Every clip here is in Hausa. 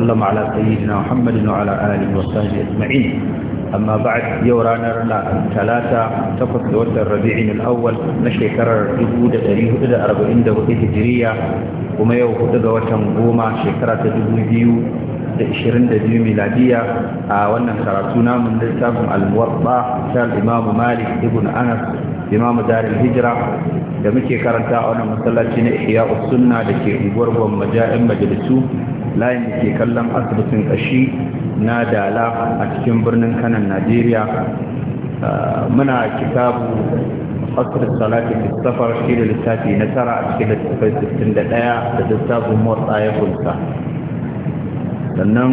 وسلم على سيدنا محمد وعلى آله وصحبه أجمعين أما بعد يورانا لنا ثلاثة تقص لوسط الربيع الأول نشي كرر دبودة تريه kuma yau دبودة ga watan goma shekara ta شكرة da miladiya a wannan karatu namun littafin al-muwatta ta imam malik ibn anas imam darul hijra da muke karanta a wannan masallaci na ihya sunna da ke unguwar gwamma ja'in majalisu layin da ke kallon asibitin ƙashi na dala a cikin birnin kanan najeriya uh, muna kitabu asir salati fi safar shi da littafi na tara a cikin littafai 61 da littafin motsa ya hulsa sannan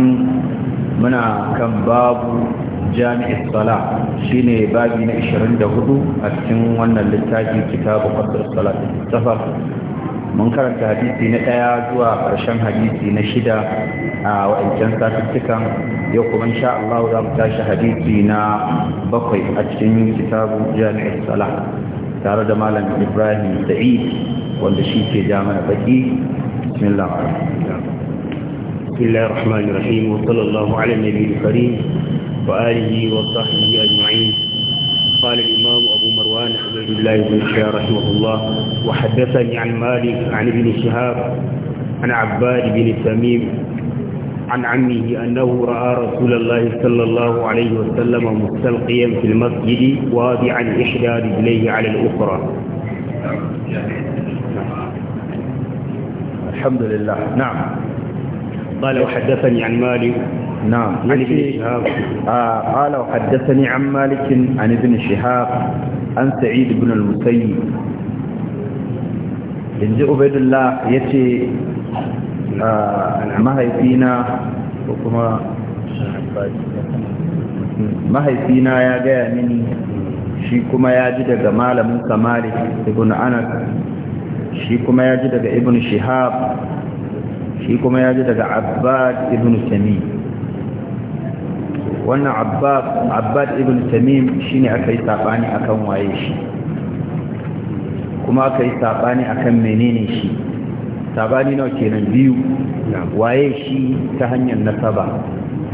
muna kan babu jami'in sala ne babi na 24 a cikin wannan littafi kitabu asir salati fi mun karanta hadisi na ɗaya zuwa ƙarshen hadisi na shida a wa'ancan satuttukan yau kuma insha Allah za mu tashi hadisi na bakwai a cikin kitabu jami'ar salah tare da malam ibrahim da'id wanda shi ke jami'ar baki bismillah بسم الله الرحمن الرحيم وصلى الله على النبي الكريم وآله وصحبه أجمعين قال الإمام عبد الله بن شهاب رحمه الله وحدثني عن مالك عن ابن شهاب عن عباد بن تميم عن عمه أنه رأى رسول الله صلى الله عليه وسلم مستلقيا في المسجد واضعا إحدى رجليه على الأخرى الحمد لله نعم قال وحدثني عن مالك نعم عن ابن شهاب قال وحدثني عن مالك عن ابن شهاب عن سعيد بن المسيب يتي ما هي فينا وكما ما هي فينا يا جاي مني shi kuma ya ji daga malamin kamali ibn anas shi kuma ya ji daga ibn shihab shi kuma ya ji daga abbad ibn samih wannan abbad ibn tamim shine aka yi saɓani akan waye shi kuma aka yi saɓani akan menene shi saɓani nawa kenan biyu waye shi ta hanyar nasaba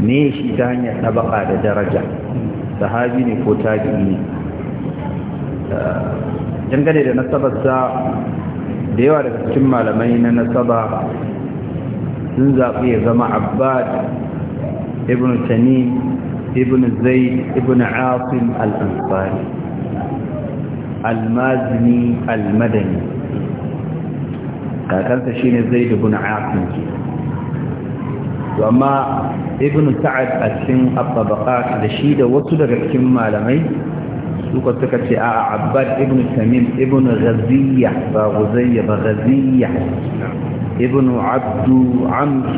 ne shi ta hanyar sabaka da daraja sahabi ne ko tabi'i ne eh, dangane da nasabar sa da yawa daga cikin malamai na nasaba sun zaɓi ya zama abbad ibn tanim ابن زيد ابن عاصم الأنصاري المازني المدني كانت شين زيد بن عاصم وما ابن سعد أسن الطبقات لشيد وصدق كما لمي suka suka ce a abbad ibn tamim ibn ghaziya ba ghaziya ba ghaziya ibn abdu amr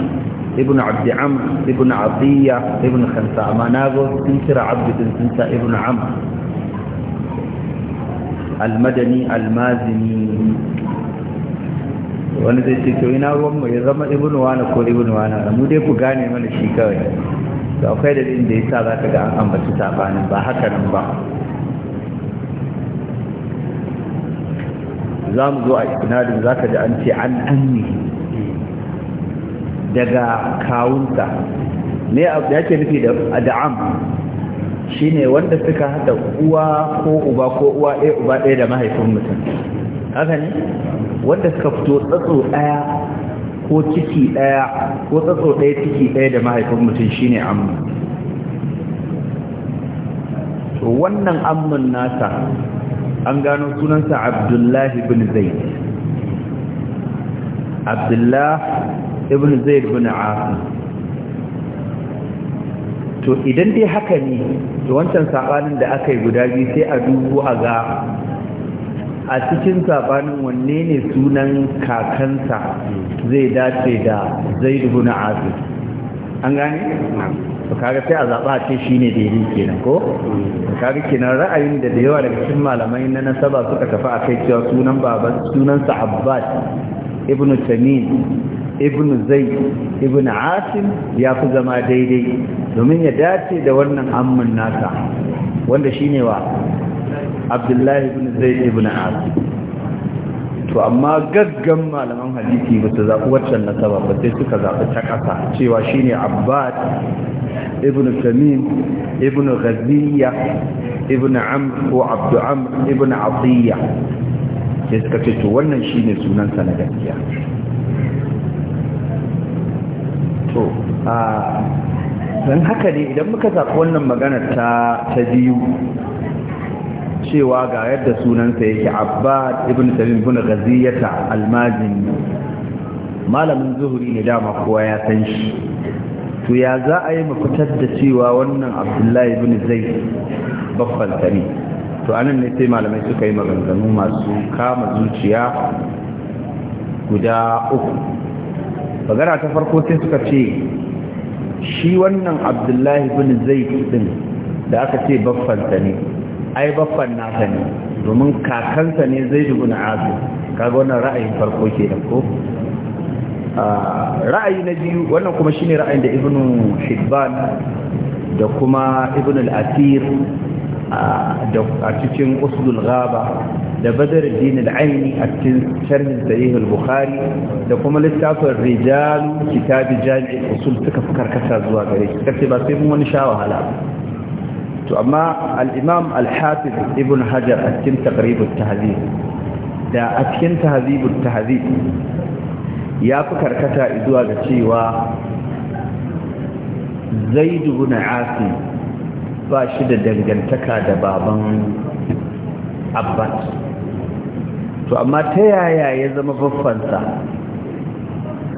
ibn abdi am ibn Abdiya, ibn khamsa amma na zo sun kira Abdi sun sa ibn am almadani almazini wani zai ce to ina ruwanmu ya zama ibn wana ko ibn wana mu dai ku gane mana shi kawai da akwai da da ya sa za ka ga an ambaci sabanin ba haka nan ba za mu zo a isnadin za ka ji an ce an annihi daga kawunta ne yake nufi da am shine wanda suka hada uwa ko uba ko uwa ɗaya uba ɗaya da mahaifin mutum haka ne wanda suka fito tsatso ɗaya ko ciki ɗaya ko tsatso ɗaya ciki ɗaya da mahaifin mutum shine amma to wannan amman nasa an gano sunansa abdullahi bin zaid Abdullahi. ibn zaid bin asim to idan dai haka ne to wancan sabanin da aka yi guda biyu sai a dubu a ga a cikin sabanin wanne ne sunan kakansa zai dace da zaid bin asim an gane to kaga sai a zaba ce shi shine daidai kenan ko kaga kenan ra'ayin da da yawa daga cikin malamai na nasaba suka tafi a kai cewa sunan baban sunan sahabbat ibnu tamim ibn zai ibn asim ya fi zama daidai domin ya dace da wannan amman nasa wanda shine wa abdullahi ibn zai ibn asim to amma gaggan malaman hadisi ba su zaɓi waccan nasaba ba sai suka zaɓi ta ƙasa cewa shine abbad ibn Samin, ibn ghaziyya ibn amr ko abdu amr ibn atiyya sai suka ce to wannan shine sunan sa na gaskiya don haka ne idan muka zaɓi wannan maganar ta ta biyu cewa ga yadda sunansa yake abbad ibn salim ibn ghaziyata almazini malamin zuhuri ne dama kowa ya san shi to ya za a yi mafitar da cewa wannan abdullahi ibn zai babban sani to anan ne sai malamai suka yi maganganu masu kama zuciya guda uku magana ta farko sai suka ce shi wannan abdullahi bin zaid din da aka ce baffansa ne ai baffan nasa ne domin kakansa ne zaid bin azu kaga wannan ra'ayin farko ke da ko ah, ra'ayi na biyu wannan kuma shine ra'ayin da ibnu hibban da kuma ibnu al-athir ah, a cikin usulul ghaba da badar da al'aini a cikin sharhin sahih bukhari da kuma littafin rijal kitab jami' usul suka fi zuwa gare shi kace ba sai mun wani sha wahala to amma al-imam al-hafiz ibn hajar a cikin taqrib da a cikin tahdhib ya fi karkata zuwa ga cewa zai ibn asi ba shi da dangantaka da baban abbas to amma ta yaya ya zama baffansa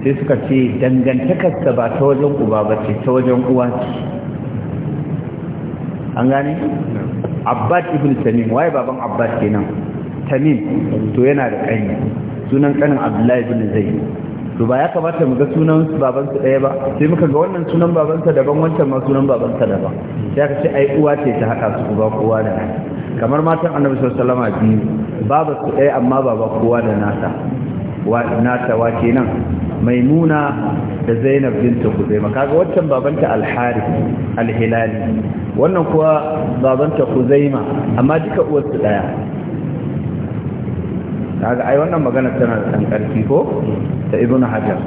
sai suka ce dangantakarsa ba ta wajen uba ba ce ta wajen uwa ce an gane? abbas ibn tamim waye baban abbas kenan tamim to yana da ƙani sunan ƙanin abdullahi ibn zai to ba ya kamata mu ga sunan babansa ɗaya ba sai muka ga wannan sunan babansa daban wancan ma sunan babansa daban sai aka ce ai uwa ce ta haka su uba kowa da kamar matan annabi sallallahu alaihi wasallam biyu babu su ɗaya amma baba kowa da nata nata wa kenan maimuna da zainab binta kuzaima kaga wancan babanta alhari alhilali wannan kuwa babanta kuzaima amma duka uwarsu daya kaga ai wannan magana tana da ɗan ƙarfi ko ta ibnu hajar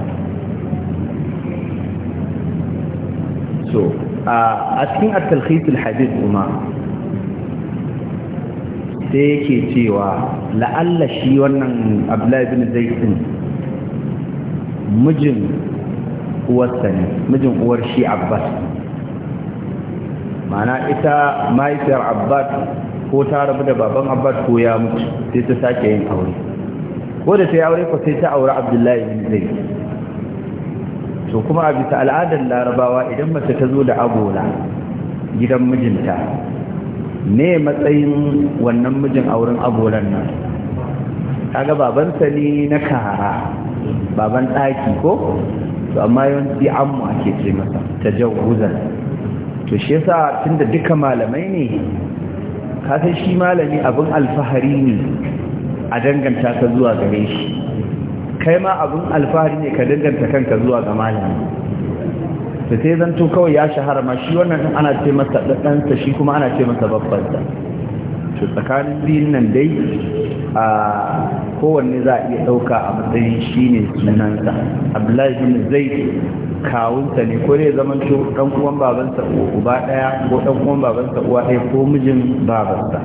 so a cikin at-talkhis al-hadith kuma sai yake cewa la'alla shi wannan abdullahi bin zaitun mijin uwarsa ne mijin uwar shi abbas mana ita mahaifiyar abbas ko ta rabu da baban abbas ko ya mutu sai ta sake yin aure ko da ta yi aure ko sai ta aure abdullahi bin zaitun to kuma a bisa al'adar larabawa idan mace ta zo da agola gidan mijinta ne matsayin wannan mijin auren agoran nan kaga baban ne na kara baban ɗaki ko to amma yawanci ammu ake ce masa ta jawuzan to shi yasa tunda duka malamai ne ka san shi malami abin alfahari ne a danganta ka zuwa gare shi kai ma abin alfahari ne ka danganta kanka zuwa ga malami da sai zanto kawai ya shahara ma shi wannan ana ce masa ɗansa shi kuma ana ce masa babbansa to tsakanin biyun nan dai a kowanne za a iya ɗauka a matsayin shi ne sunansa abdullahi bin zaid kawunsa ne ko dai zaman to ɗan uwan babansa uba ɗaya ko ɗan uwan babansa uwa ɗaya ko mijin babansa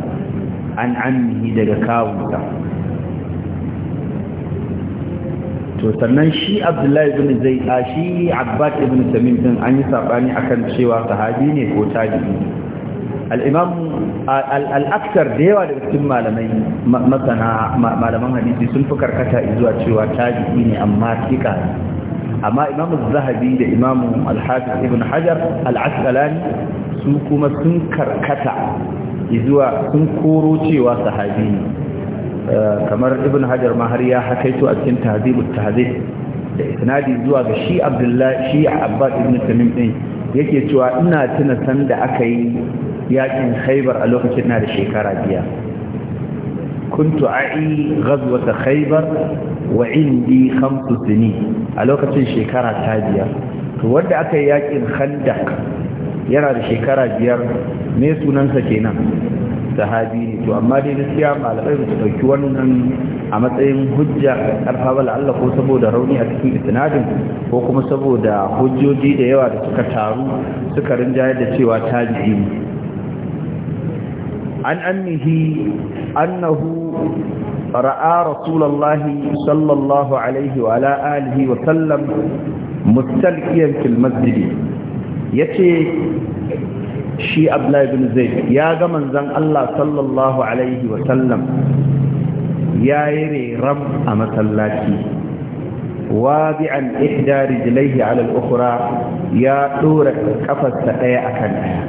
an amini daga kawunsa to sannan shi abdullahi ibn zai a shi abbas ibn tamim din an yi sabani akan cewa sahabi ne ko tabi'i al-imam al-akthar da yawa daga cikin malamai masana malaman hadisi sun fi karkata zuwa cewa tabi'i ne amma tika amma imam az-zahabi da imam al-hafiz ibn hajar al-asqalani su kuma sun karkata zuwa sun koro cewa sahabi ne Eh, kamar ibn hajar mahar ya hakaito a cikin tahzibul tahzib da isnadi zuwa ga shi abdullah shi abbas ibn tamim din yake cewa ina tuna san da aka yi yakin khaybar a lokacin na da shekara biya kuntu a'i ghazwat khaybar wa indi khamsu sinin a lokacin shekara ta biya to wanda aka yi yakin khandak yana da shekara biyar me sunansa kenan sahabi ne to amma dai gaskiya malamai su ɗauki wannan a matsayin hujja karfa bala Allah ko saboda rauni a cikin isnadin ko kuma saboda hujjoji da yawa da suka taru suka rinjaye da cewa tabi'i an annihi annahu ra'a rasulullahi sallallahu alaihi wa ala alihi wa sallam mustalqiyan fil masjid yace shi abdullahi bin zaid ya ga manzan Allah sallallahu alaihi wa sallam ya yi reram a masallaci wabi'an ihda rijlaihi ala al-ukhra ya dora kafarsa daya akan daya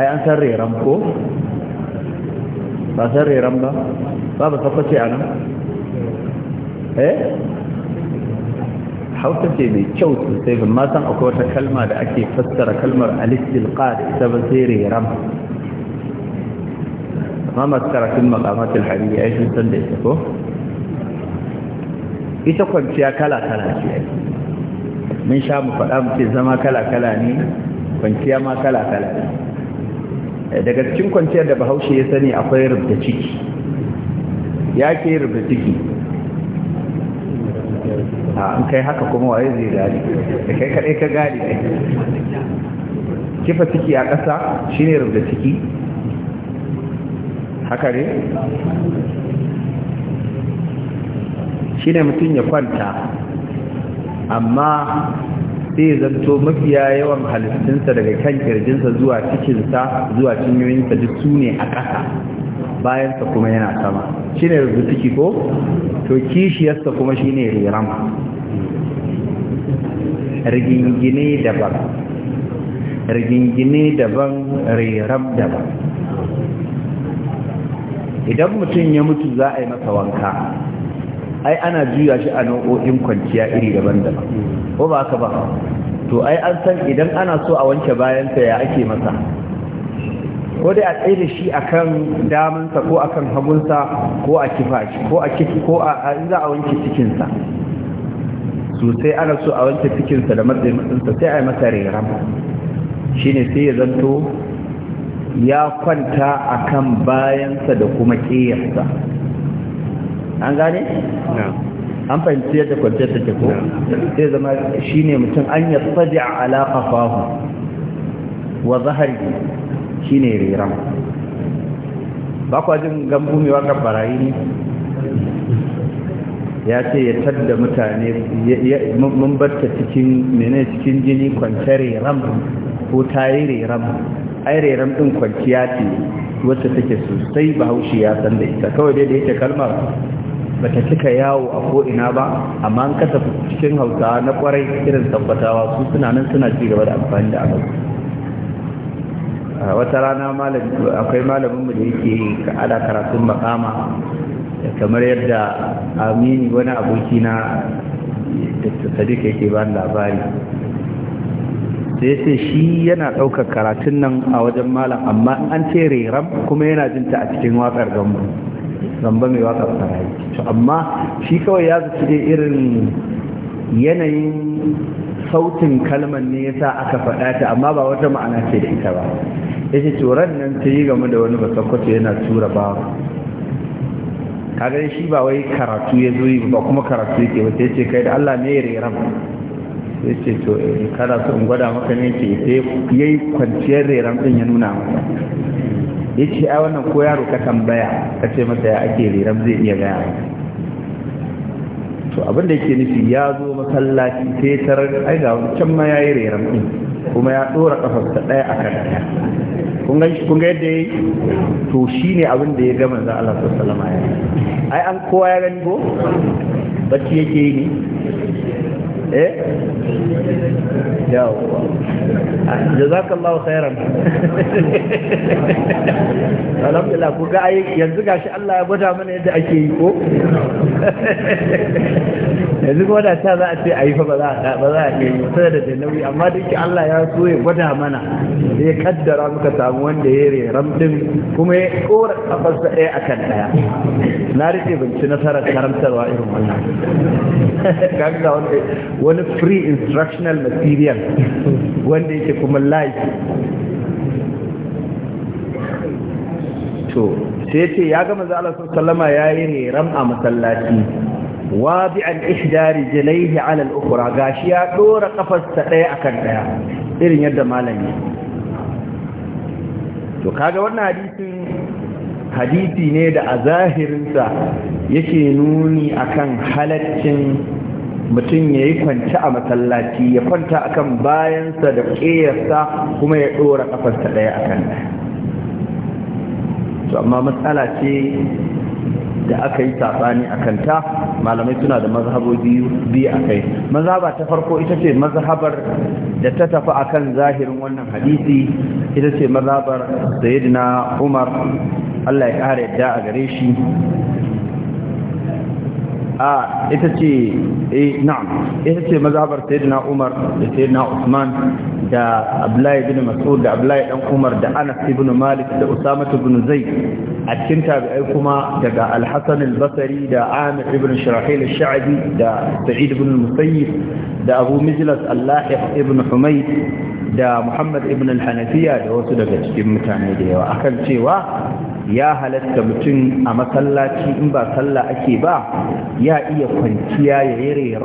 ai an san reram ko ba san reram ba ba ba sakwace a nan eh hausa ce mai kyau sosai ban ma san akwai wata kalma da ake fassara kalmar alistil da ita ba sai reram amma masu karatun makamatul hariri ya yi san da ita ko ita kwanciya kala-kala ce mun sha mu faɗa mu ce zama kala-kala ne kwanciya ma kala-kala ne daga cikin kwanciyar da bahaushe ya sani akwai rubda ciki ya ke rubda ciki in kai haka kuma waye zai gane da kai kaɗai ka gane kifa ciki a ƙasa shine rubda ciki haka ne shine mutum ya kwanta amma zai zanto mafiya yawan halittunsa daga kan kirjinsa zuwa cikinsa zuwa cinyoyinsa duk su ne a ƙasa bayansa kuma yana sama shine rubutuki ko to kishiyarsa kuma shine riram rigingine daban rigingine daban riram daban idan mutum ya mutu za a yi masa wanka ai ana juya shi a nau'o'in kwanciya iri daban-daban ko ba ka ba to ai an san idan ana so a wanke bayansa ya ake masa ko dai a tsaye da shi akan damansa ko akan hagunsa ko a kifa shi ko a kifi ko a za a wanke cikinsa sosai ana so a wanke cikinsa da matsayin matsinsa sai a yi masa reram shi ne sai ya zanto ya kwanta a kan bayansa da kuma ƙeyarsa an gane? an fahimci yadda kwanciyar ta ke ko? sai zama shi ne mutum an yi tsaji a alaƙa fahu wa zahari shine rera, ba kwa jin gambu mai barayi ne ya ce ya tadda mutane mun batta cikin mene cikin jini kwance reram ko tayi reram ai reram din kwanciya ce wacce take sosai bahaushe ya san da ita kawai dai da yake kalmar ba ta cika yawo a ko'ina ba amma an kasa cikin hausawa na kwarai irin tabbatawa su suna nan suna ci gaba da amfani da abu wata rana akwai mu da yake ala karatun makama kamar yadda amini wani aboki na sadiq yake ba labari sai sai shi yana ɗaukar karatun nan a wajen malam amma an ce reram kuma yana jinta a cikin watsar gambo Gambo mai watsar sarayi amma shi kawai ya zuci dai irin yanayin sautin kalmar ne yasa aka faɗa ta amma ba wata ma'ana ce da ita ba yake turan nan ta yi game da wani basakwato yana tura ba kaga shi ba wai karatu ya zo yi ba kuma karatu yake ba yace ce kai da Allah ne ya rera sai ce to eh, kada su in gwada maka ne ke sai yayi kwanciyar reran din ya nuna maka yace a wannan ko yaro ka tambaya ka ce masa ya ake reran zai iya gaya to abin da yake nufi ya zo masallaci sai tarar ai ga can ma yayi reran din kuma ya dora kafarsa daya akan ɗaya. kun ga yadda yi to shi ne abin da ya gama za Allah sallallahu alaihi wasallam ai an kowa ya gani ko bacci yake yi ne eh yawa jazakallahu khairan alhamdulillah ku ga ai yanzu gashi Allah ya gwada mana yadda ake yi ko yanzu kuma da ta za a ce a yi fa ba za a ba za a yi sai da da nauyi amma duk Allah ya so ya gwada mana da ya kaddara muka samu wanda ya reram ramdin kuma ya kora kafarsa ɗaya akan ɗaya na rike binci nasarar karantarwa irin wannan kaga wanda wani free instructional material wanda yake kuma live to sai ce ya ga manzo Allah sallama ya yi ram a masallaci wabi'an ihdari jalaihi ala al-ukhra gashi ya dora kafarsa daya akan daya irin yadda malami to kaga wannan hadisin hadisi ne da a zahirinsa yake nuni akan halaccin mutum ya yi a masallaci ya kwanta akan bayansa da ƙeyarsa kuma ya ɗora ƙafarsa ɗaya akan ɗaya to amma matsala ce da aka yi saɓani a kanta malamai suna da mazhabobi biyu a kai mazhaba ta farko ita ce mazhabar da ta tafi a kan zahirin wannan hadisi ita ce mazhabar sayyidina umar allah ya ƙara yadda a gare shi a ita ce eh na'am ita ce mazhabar sayyidina Umar da sayyidina Usman da Abdullahi ibn Mas'ud da Abdullahi dan Umar da Anas ibn Malik da Usama ibn Zaid a cikin tabi'ai kuma daga Al-Hasan al-Basri da Amir ibn Shirahil al-Sha'bi da Sa'id ibn al-Musayyib da Abu Mijlas al-Lahiq ibn Humayd da Muhammad ibn al-Hanafiya da wasu daga cikin mutane da yawa akan cewa ya halatta mutum a masallaci in ba sallah ake ba ya iya kwanciya ya yi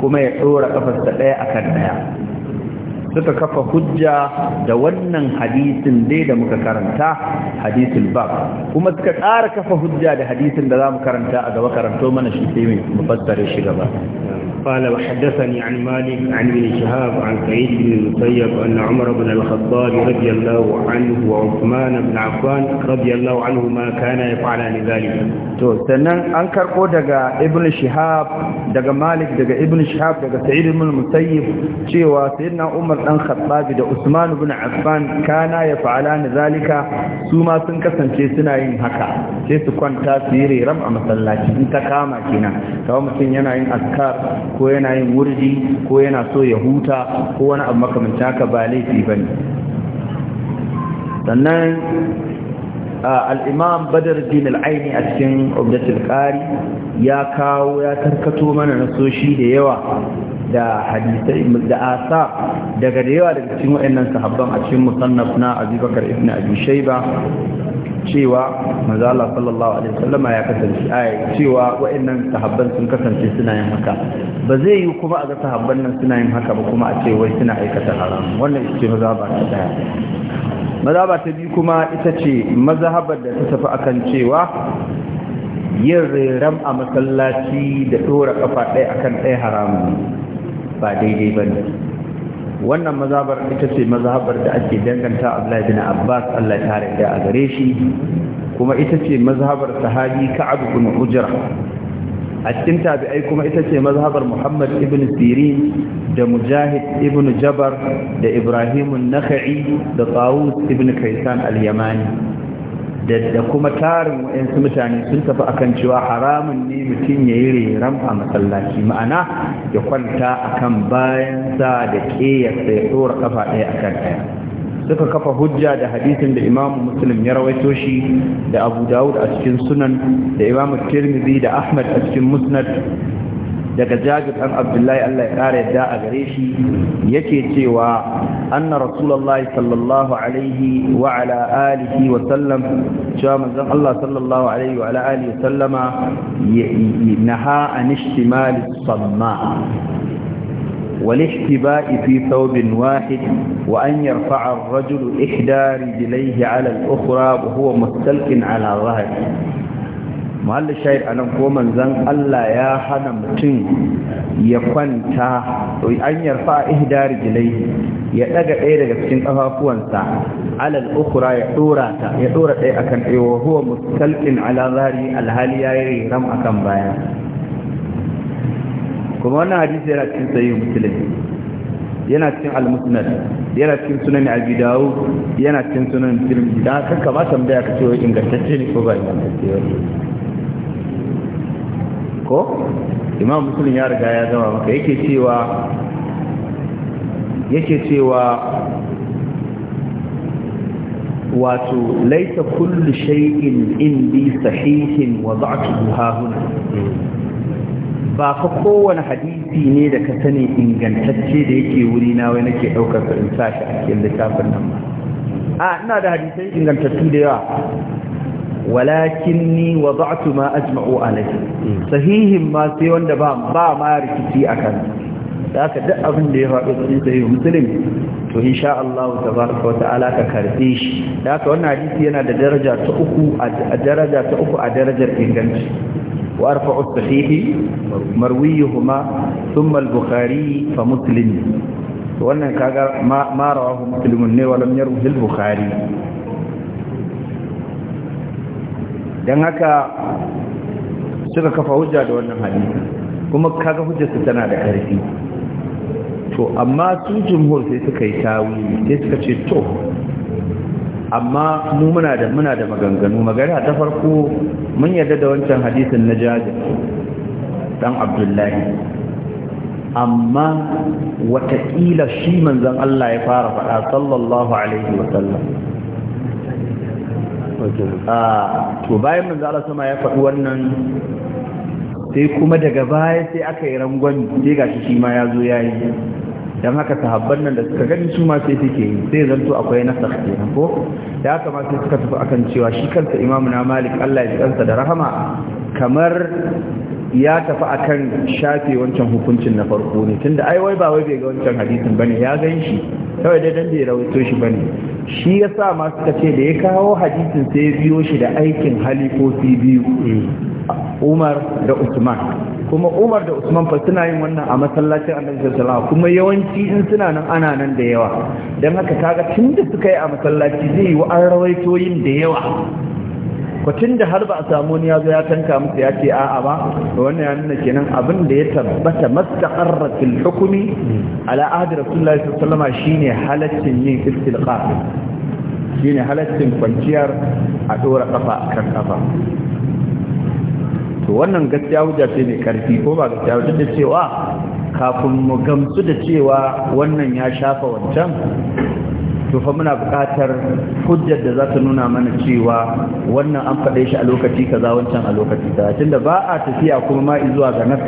kuma ya ɗora ƙafarsa ɗaya akan ɗaya suka kafa hujja da wannan hadisin dai da muka karanta hadisul bab kuma suka ƙara kafa hujja da hadisin da zamu karanta a gaba karanto mana shi sai mai mufassare shi gaba قال وحدثني عن مالك عن ابن شهاب عن سعيد بن المسيب أن عمر بن الخطاب رضي الله عنه وعثمان بن عفان رضي الله عنهما كان يفعلان ذلك تو سنن أنكر قدق ابن شهاب دق مالك دق ابن شهاب دق سعيد بن المسيب شيوا سيدنا عمر dan Khattab da Usman ibn Affan kana ya fa'ala zalika su ma sun kasance suna yin haka sai su kwanta su yi reram a masallaci in ta kama kenan kawai mutum yana yin askar ko yana yin wurdi ko yana so ya huta ko wani abu makamancin haka ba laifi bane sannan al'imam badar din al'aini a cikin obdatul ƙari ya kawo ya tarkato mana nasoshi da yawa da hadisai da asa daga da yawa daga cikin waɗannan sahabban a cikin musannaf na abubakar ibn abi shayba cewa manzo Allah sallallahu alaihi wasallama ya kasance ai cewa waɗannan sahabban sun kasance suna yin haka ba zai yi kuma a ga sahabban nan suna yin haka ba kuma a ce wai suna aikata haram wannan ita ce mazhaba ta daya mazhaba ta biyu kuma ita ce mazhabar da ta tafi akan cewa yin reram a masallaci da ɗora kafa ɗaya akan ɗaya haramun ba daidai ba ne wannan mazabar ita ce mazabar da ake danganta abdullahi bin abbas allah tare da a gare shi kuma ita ce mazhabar sahabi ka'ab ibn ujra a cikin tabi'ai kuma ita ce mazhabar muhammad ibn sirin da mujahid ibn jabar da ibrahim an-nakhai da tawus ibn kaisan al-yamani da kuma tarin waɗansu mutane sun tafi akan cewa haramun ne mutum ya yi reram a masallaci ma'ana ya kwanta akan sa da ƙeyarsa ya tsora kafa ɗaya akan ɗaya suka kafa hujja da hadisin da imamu muslim ya rawaito shi da abu dawud a cikin sunan da imamu tirmidhi da ahmad a cikin musnad daga jabir ɗan abdullahi Allah ya kare yadda a gare shi yake cewa anna rasulullahi sallallahu alaihi wa ala alihi wa sallam cewa manzon Allah sallallahu alaihi wa ala alihi wa sallama naha an ishtimal samma والاحتباء في ثوب واحد وأن يرفع الرجل إحدى رجليه على الأخرى وهو مستلق على ظهره mahallin shahid a nan ko manzan Allah ya hana mutum ya kwanta an yarfa da gilai ya daga ɗaya daga cikin kafafuwansa alal ukura ya ɗora ta ya ɗora ɗaya akan ɗaya wa huwa mustalqin alhali ya yi ram akan baya kuma wannan hadisi yana cikin sayi muslim yana cikin al yana cikin sunan abi dawud yana cikin sunan tirmidhi da kan kamata mu da ka ce ingantacce ne ko ba ingantacce ba ko imam muslim ya riga ya zama maka yake cewa yake cewa wato laita kullu shay'in indi sahihin wa ha huna ba fa kowane hadisi ne da ka sani ingantacce da yake wuri na wai nake daukar sa in sa shi a cikin littafin nan ba a ina da hadisai ingantattu da yawa walakinni wada'tu ma ajma'u alayhi sahihin ma sai wanda ba ba ma rikici akan haka duk abin da ya faɗo cikin sahihu muslim to insha Allah tabaraka wa ta'ala ka karbe shi haka wannan hadisi yana da daraja ta uku a daraja ta uku a darajar inganci وارفع الصحيح مرويهما fa البخاري wannan وانا كاغا ما, ما ne مسلم ولم يروه البخاري don haka suka kafa hujja da wannan hadisi kuma kaga hujjarsu tana da ƙarfi to amma su jumhur sai suka yi tawili sai suka ce to amma mu muna da muna da maganganu magana ta farko mun yarda da wancan hadisin na jabir dan abdullahi amma watakila shi manzon Allah ya fara faɗa sallallahu alaihi wa Ah, to bayan manzo Allah sama ya faɗi wannan sai kuma daga baya sai aka yi rangon sai gashi shi ma ya zo ya yi haka sahabban nan da suka gani su ma sai suke yi sai zanto akwai nasakh kenan ko Ya kamata suka tafi akan cewa shi kansa Imam na malik Allah ya ji kansa da rahama kamar ya tafi akan shafe wancan hukuncin na farko ne tunda ai wai ba wai bai ga wancan hadisin bane ya gan shi kawai dai dan bai rawaito shi bane shi ya sa masu kace da ya kawo hadisin sai biyo shi da aikin halifofi biyu umar da usman kuma umar da usman fa suna yin wannan a masallacin annabi sallallahu kuma yawanci in suna nan ana nan da yawa dan haka kaga tun suka yi a masallaci zai yi wa an rawaito yin da yawa kwatin da har ba a samu ni ya zo ya tanka musu ya ce a'a ba wannan ya nuna kenan abin da ya tabbata mastaqarra fil hukmi ala ahdi rasulullahi sallallahu alaihi shine halaccin yin istilqa shine halaccin kwanciyar a dora kafa kan kafa to wannan gaskiya hujja ce mai karfi ko ba gaskiya hujja ce cewa kafin mu gamsu da cewa wannan ya shafa wancan to fa muna buƙatar hujjar da za ta nuna mana cewa wannan an faɗe shi a lokaci kaza wancan a lokaci kaza tunda ba a tafiya kuma ma zuwa ga nan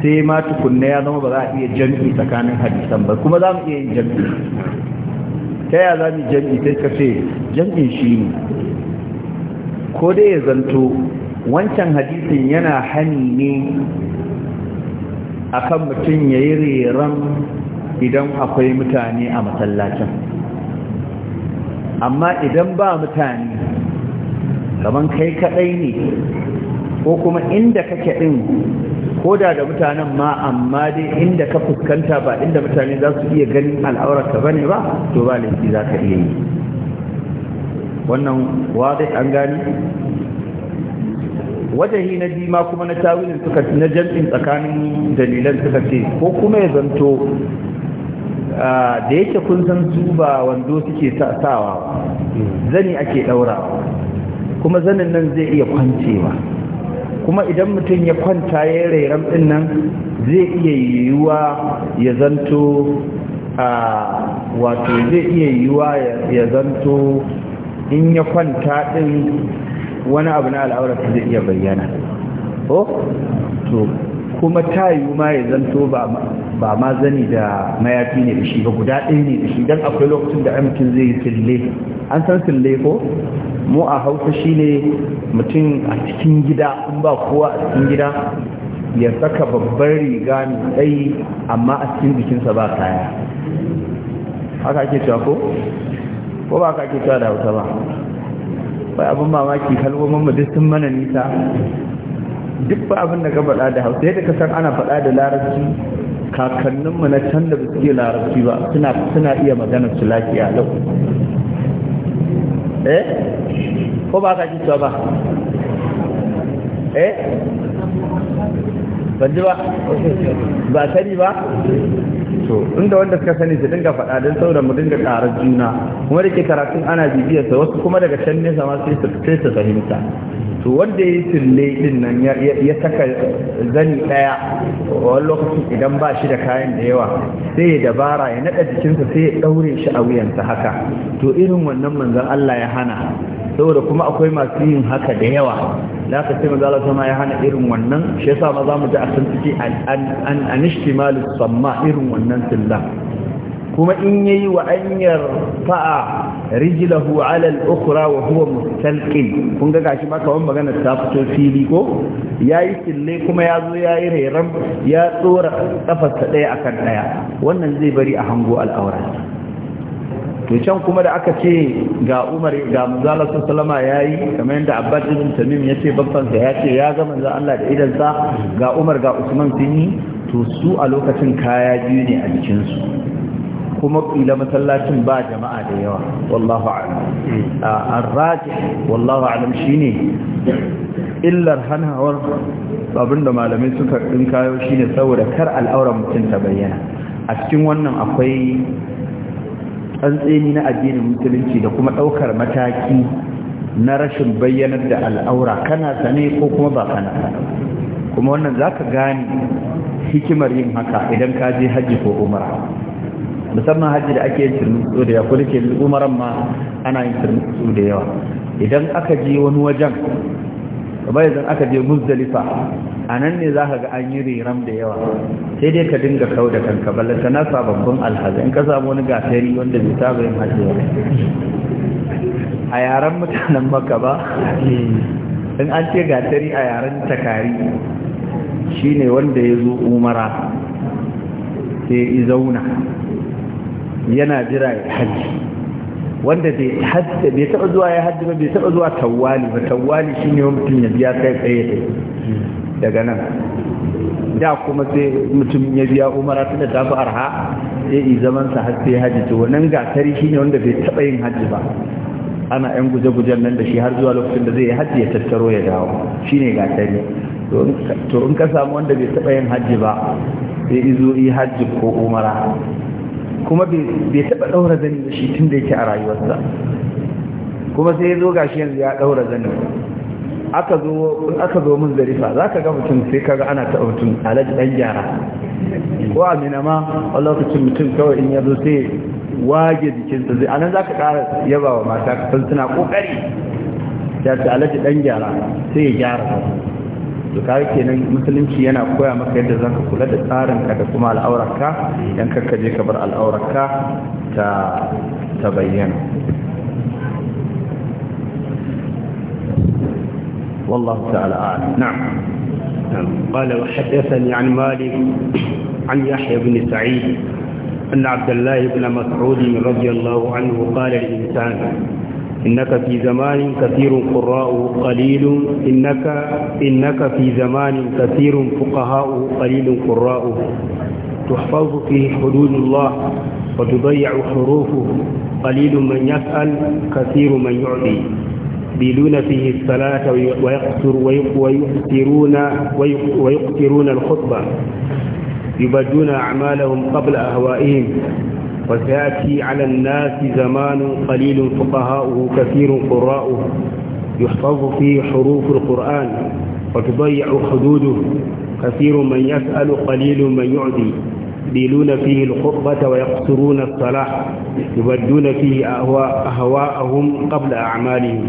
sai ma tukunna ya zama ba za a iya jami'i tsakanin hadisan ba kuma za mu iya yin jami'i ta yaya za mu jami'i sai ka ce jami'in shi ne ko dai ya zanto wancan hadisin yana hani ne akan mutum ya yi reran idan akwai mutane a masallacin amma idan ba mutane kaman kai kadai ne ko kuma inda kake din ko da da mutanen ma amma dai inda ka fuskanta ba inda mutane za su iya ganin al'aurarka ba ne ba to ba laifi za ka iya yi wannan wadai an gani wajahi na jima kuma na tawilin suka na jam'in tsakanin dalilan suka ce ko kuma ya zanto Ah, da yake kun san su wando suke sawa zani ake ɗaurawa kuma zanin nan zai iya kwancewa kuma idan mutum ya kwanta ya rairan ɗin nan zai iya yiwuwa ya zanto a ah, wato zai iya yiwuwa ya zanto in ya kwanta ɗin wani abu na al'aurarsa zai iya bayyana to kuma ta ma ya zanto ba ma zani da mayafi ne da shi ba guda ɗaya ne da shi don akwai lokacin da mutum zai yi tille an san tille ko mu a hausa shi ne mutum a cikin gida in ba kowa a cikin gida ya saka babbar riga mai tsayi amma a cikin jikinsa ba kaya haka ake cewa ko ko ba haka ake cewa da hausa ba bai abin mamaki kalmomin mu duk sun mana nisa duk ba abin da ka faɗa da hausa yadda ka san ana faɗa da larabci kakanninmu na can da suke larabci ba suna iya magana su lafiya lau eh ko ba ka ji ba eh ban ba ba sani ba to inda wanda suka sani su dinga faɗa don sauran mu dinga ƙarar juna kuma da ke karatun ana bibiyarsa wasu kuma daga can nesa ma sai su fahimta to wanda ya yi din nan ya saka zani daya wani lokaci idan ba shi da kayan da yawa sai ya dabara ya naɗa jikinsa sai ya ɗaure shi a wuyansa haka to irin wannan manzon Allah ya hana saboda kuma akwai masu yin haka da yawa da aka ce maza Allah ya hana irin wannan shi yasa maza mu ji a sun ciki an an an samma irin wannan tilla kuma in yayi wa anyar fa'a, rijlahu ala al-ukhra wa huwa mustalqin kun ga gashi maka wannan magana ta fito fili ko yayi tille kuma ya zo yayi rairan ya tsora kafarsa daya akan ɗaya. wannan zai bari a hango al'aura to can kuma da aka ce ga Umar ga Manzala sallama yayi kamar yadda Abbas ibn Tamim yace babban sa yace ya ga manzo Allah da idan sa ga Umar ga Usman sun to su a lokacin kaya biyu ne a jikinsu kuma ƙila masallacin ba jama'a da yawa wallahu a'lam hmm. ah, arraji wallahu a'lam shine illar hanawar abinda malamai suka shi shine saboda kar al'auran mutum ta bayyana a cikin wannan akwai tsantseni na addinin musulunci da kuma ɗaukar mataki na rashin bayyanar da al'aura kana sane ko kuma ba kana kuma wannan za ka gane hikimar yin haka idan ka je hajji ko umara musamman hajji da ake yin turmutsu da yawa kula ke umaran ma ana yin turmutsu da yawa idan aka je wani wajen kamar idan aka je muzdalifa a nan ne za ka ga an yi riram da yawa sai dai ka dinga kau da kanka ballanta na sababbin alhaji in ka samu wani gatari wanda bai saba yin hajji ba a yaren mutanen maka ba in an ce gatari a yaren takari shine wanda ya zo umara sai ya zauna yana jira ya hajji wanda bai taɓa zuwa ya hajji ba bai taɓa zuwa tawali ba tawali shi ne mutum ya biya kai tsaye da daga nan da kuma sai mutum ya biya umara da ta fi arha ya yi zamansa har sai hajji to nan gatari shi ne wanda bai taɓa yin hajji ba ana yan guje-gujen nan da shi har zuwa lokacin da zai yi hajji ya tattaro ya dawo shi ne gatari to in ka samu wanda bai taɓa yin hajji ba sai izo yi hajji ko umara kuma bai taba ɗaura zani da shi tun da yake a rayuwarsa kuma sai ya zo gashi yanzu ya ɗaura zani aka zo mun zarifa za ka ga mutum sai ka ga ana taɓa mutum alaji ɗan gyara ko amina ma Allah ka mutum kawai in ya zo sai wage jikinsa zai anan za ka ƙara yaba wa mata ka san suna ƙoƙari ya ta alaji ɗan gyara sai ya gyara to kai kenan musulunci yana koya maka yadda zaka kula da tsarinka da kuma al'aurarka dan karka je ka bar al'aurarka ta ta bayyana والله تعالى أعلم نعم قال وحدثني عن مالك عن يحيى بن سعيد أن عبد الله بن مسعود رضي الله عنه قال للإنسان إنك في زمان كثير قراء قليل إنك إنك في زمان كثير فقهاء قليل قراء تحفظ فيه حدود الله وتضيع حروفه قليل من يسأل كثير من يعطي يبيلون فيه الصلاة ويقصر ويقصرون ويقصرون الخطبة يبدون أعمالهم قبل أهوائهم وسيأتي على الناس زمان قليل فقهاؤه كثير قراؤه يحفظ فيه حروف القرآن وتضيع حدوده كثير من يسأل قليل من يعدي يبيلون فيه الخطبة ويقصرون الصلاة يبدون فيه أهواءهم قبل أعمالهم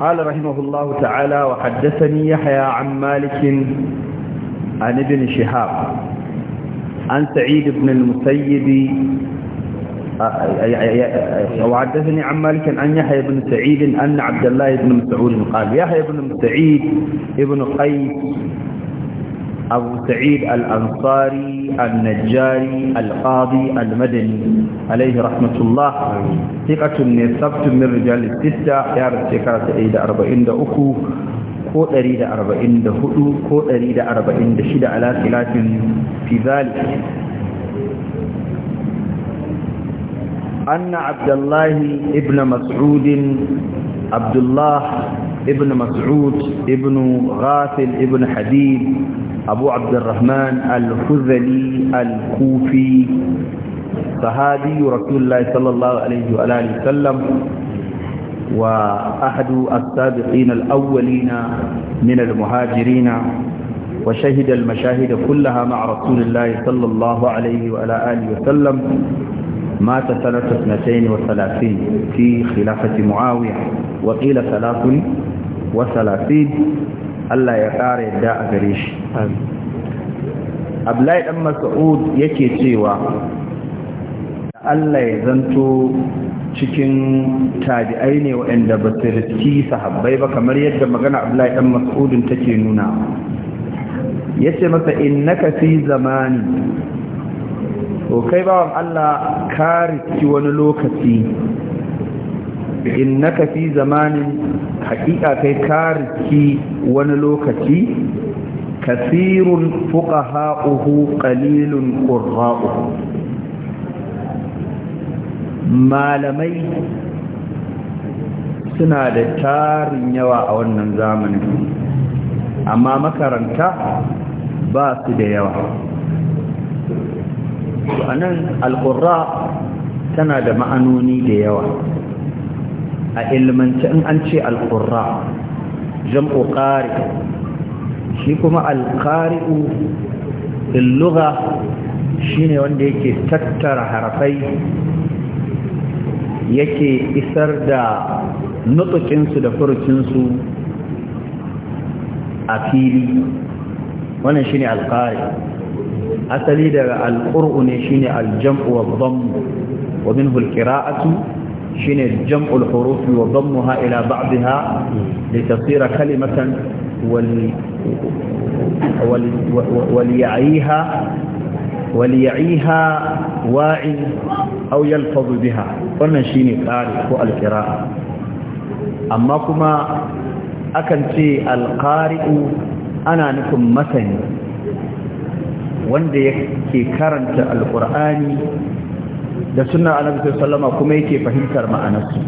قال رحمه الله تعالى وحدثني يحيى عن مالك عن ابن شهاب عن سعيد بن المسيب وحدثني عن مالك عن يحيى بن سعيد أن عبد الله بن مسعود قال يحيى بن سعيد ابن قيس أبو سعيد الأنصاري النجاري القاضي المدني عليه رحمة الله ثقة من ثبت من رجال الستة يعرف ثقة سعيد أربعين أكو ko 144 ko 146 ala khilafin fi zalik anna abdullahi ibn mas'ud abdullah ibn mas'ud ibn ghafil ibn hadid abu abdurrahman al-khuzali al-kufi sahabi rasulullahi sallallahu alaihi wa alihi sallam وأحد السابقين الأولين من المهاجرين وشهد المشاهد كلها مع رسول الله صلى الله عليه وعلى آله وسلم مات سنة 32 في خلافة معاوية وقيل 33 Allah ya ƙara yadda a gare shi. Abdullahi ɗan Mas'ud yake cewa Allah ya zanto cikin tabi'ai ne waɗanda ba su sahabbai ba kamar yadda magana Abdullahi dan Mas'udin take nuna yace masa innaka fi zamani to kai bawan Allah ka riski wani lokaci innaka fi zamanin haƙiƙa kai ka riski wani lokaci kasirun fuqaha'uhu qalilun qurra'uhu malamai suna da tarin yawa a wannan zamanin amma makaranta ba su da yawa a nan alƙurra tana da ma'anoni da yawa a ilmanci in an ce alƙurra jam'u ƙari shi kuma alƙari'u illuga shi ne wanda yake tattara harafai yake isar da nutsukinsu da furucinsu a fili wannan shine alƙari asali daga alƙur'u ne shine aljam'u wa dhammu wa minhu alqira'atu shine jam'u huruf wa dhammuha ila ba'daha litasira kalimatan wal wal wal ya'iha wa'in aw yalfazu biha wannan shine ƙari ko alƙira, amma kuma akan ce alƙari'u ana nufin masani wanda yake karanta Alƙur'ani da sunna annabi sallama kuma yake fahimtar ma'anarsu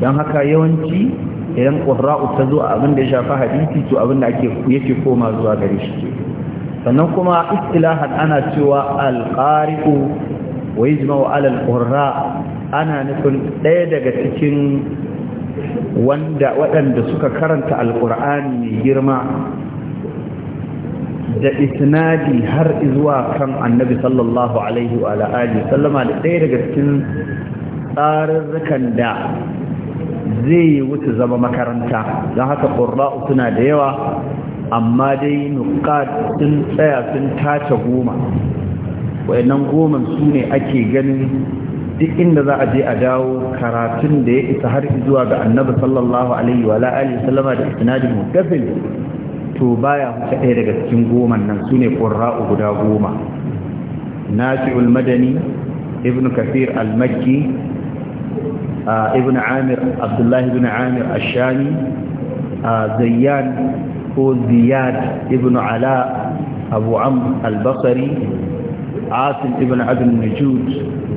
don haka yawanci idan ƙur'a'u ta zo abin da ya shafi hadisi to abin da yake koma zuwa gare shi sannan kuma istilahan ana cewa alƙari'u wa yajma'u alal ƙura. ana nufin ɗaya daga cikin wanda waɗanda suka karanta alƙur'ani mai girma da isnadi har zuwa kan annabi sallallahu alaihi wa alihi sallama da ɗaya daga cikin tsarurrukan da zai wuce zama makaranta don haka ƙura'u suna da yawa amma dai nukat sun tsaya sun tace goma wayannan goma su ne ake ganin duk inda za a je a dawo karatun da ya isa har zuwa ga annabi sallallahu alaihi wa alihi sallama da isnadin muttasil to baya huta ɗaya daga cikin goma nan su ne ƙurra'u guda goma nafi'ul madani ibn kafir al-makki ibn amir abdullahi ibn amir ashami zayyan ko ziyad ibn ala abu amr al asim ibn abin najud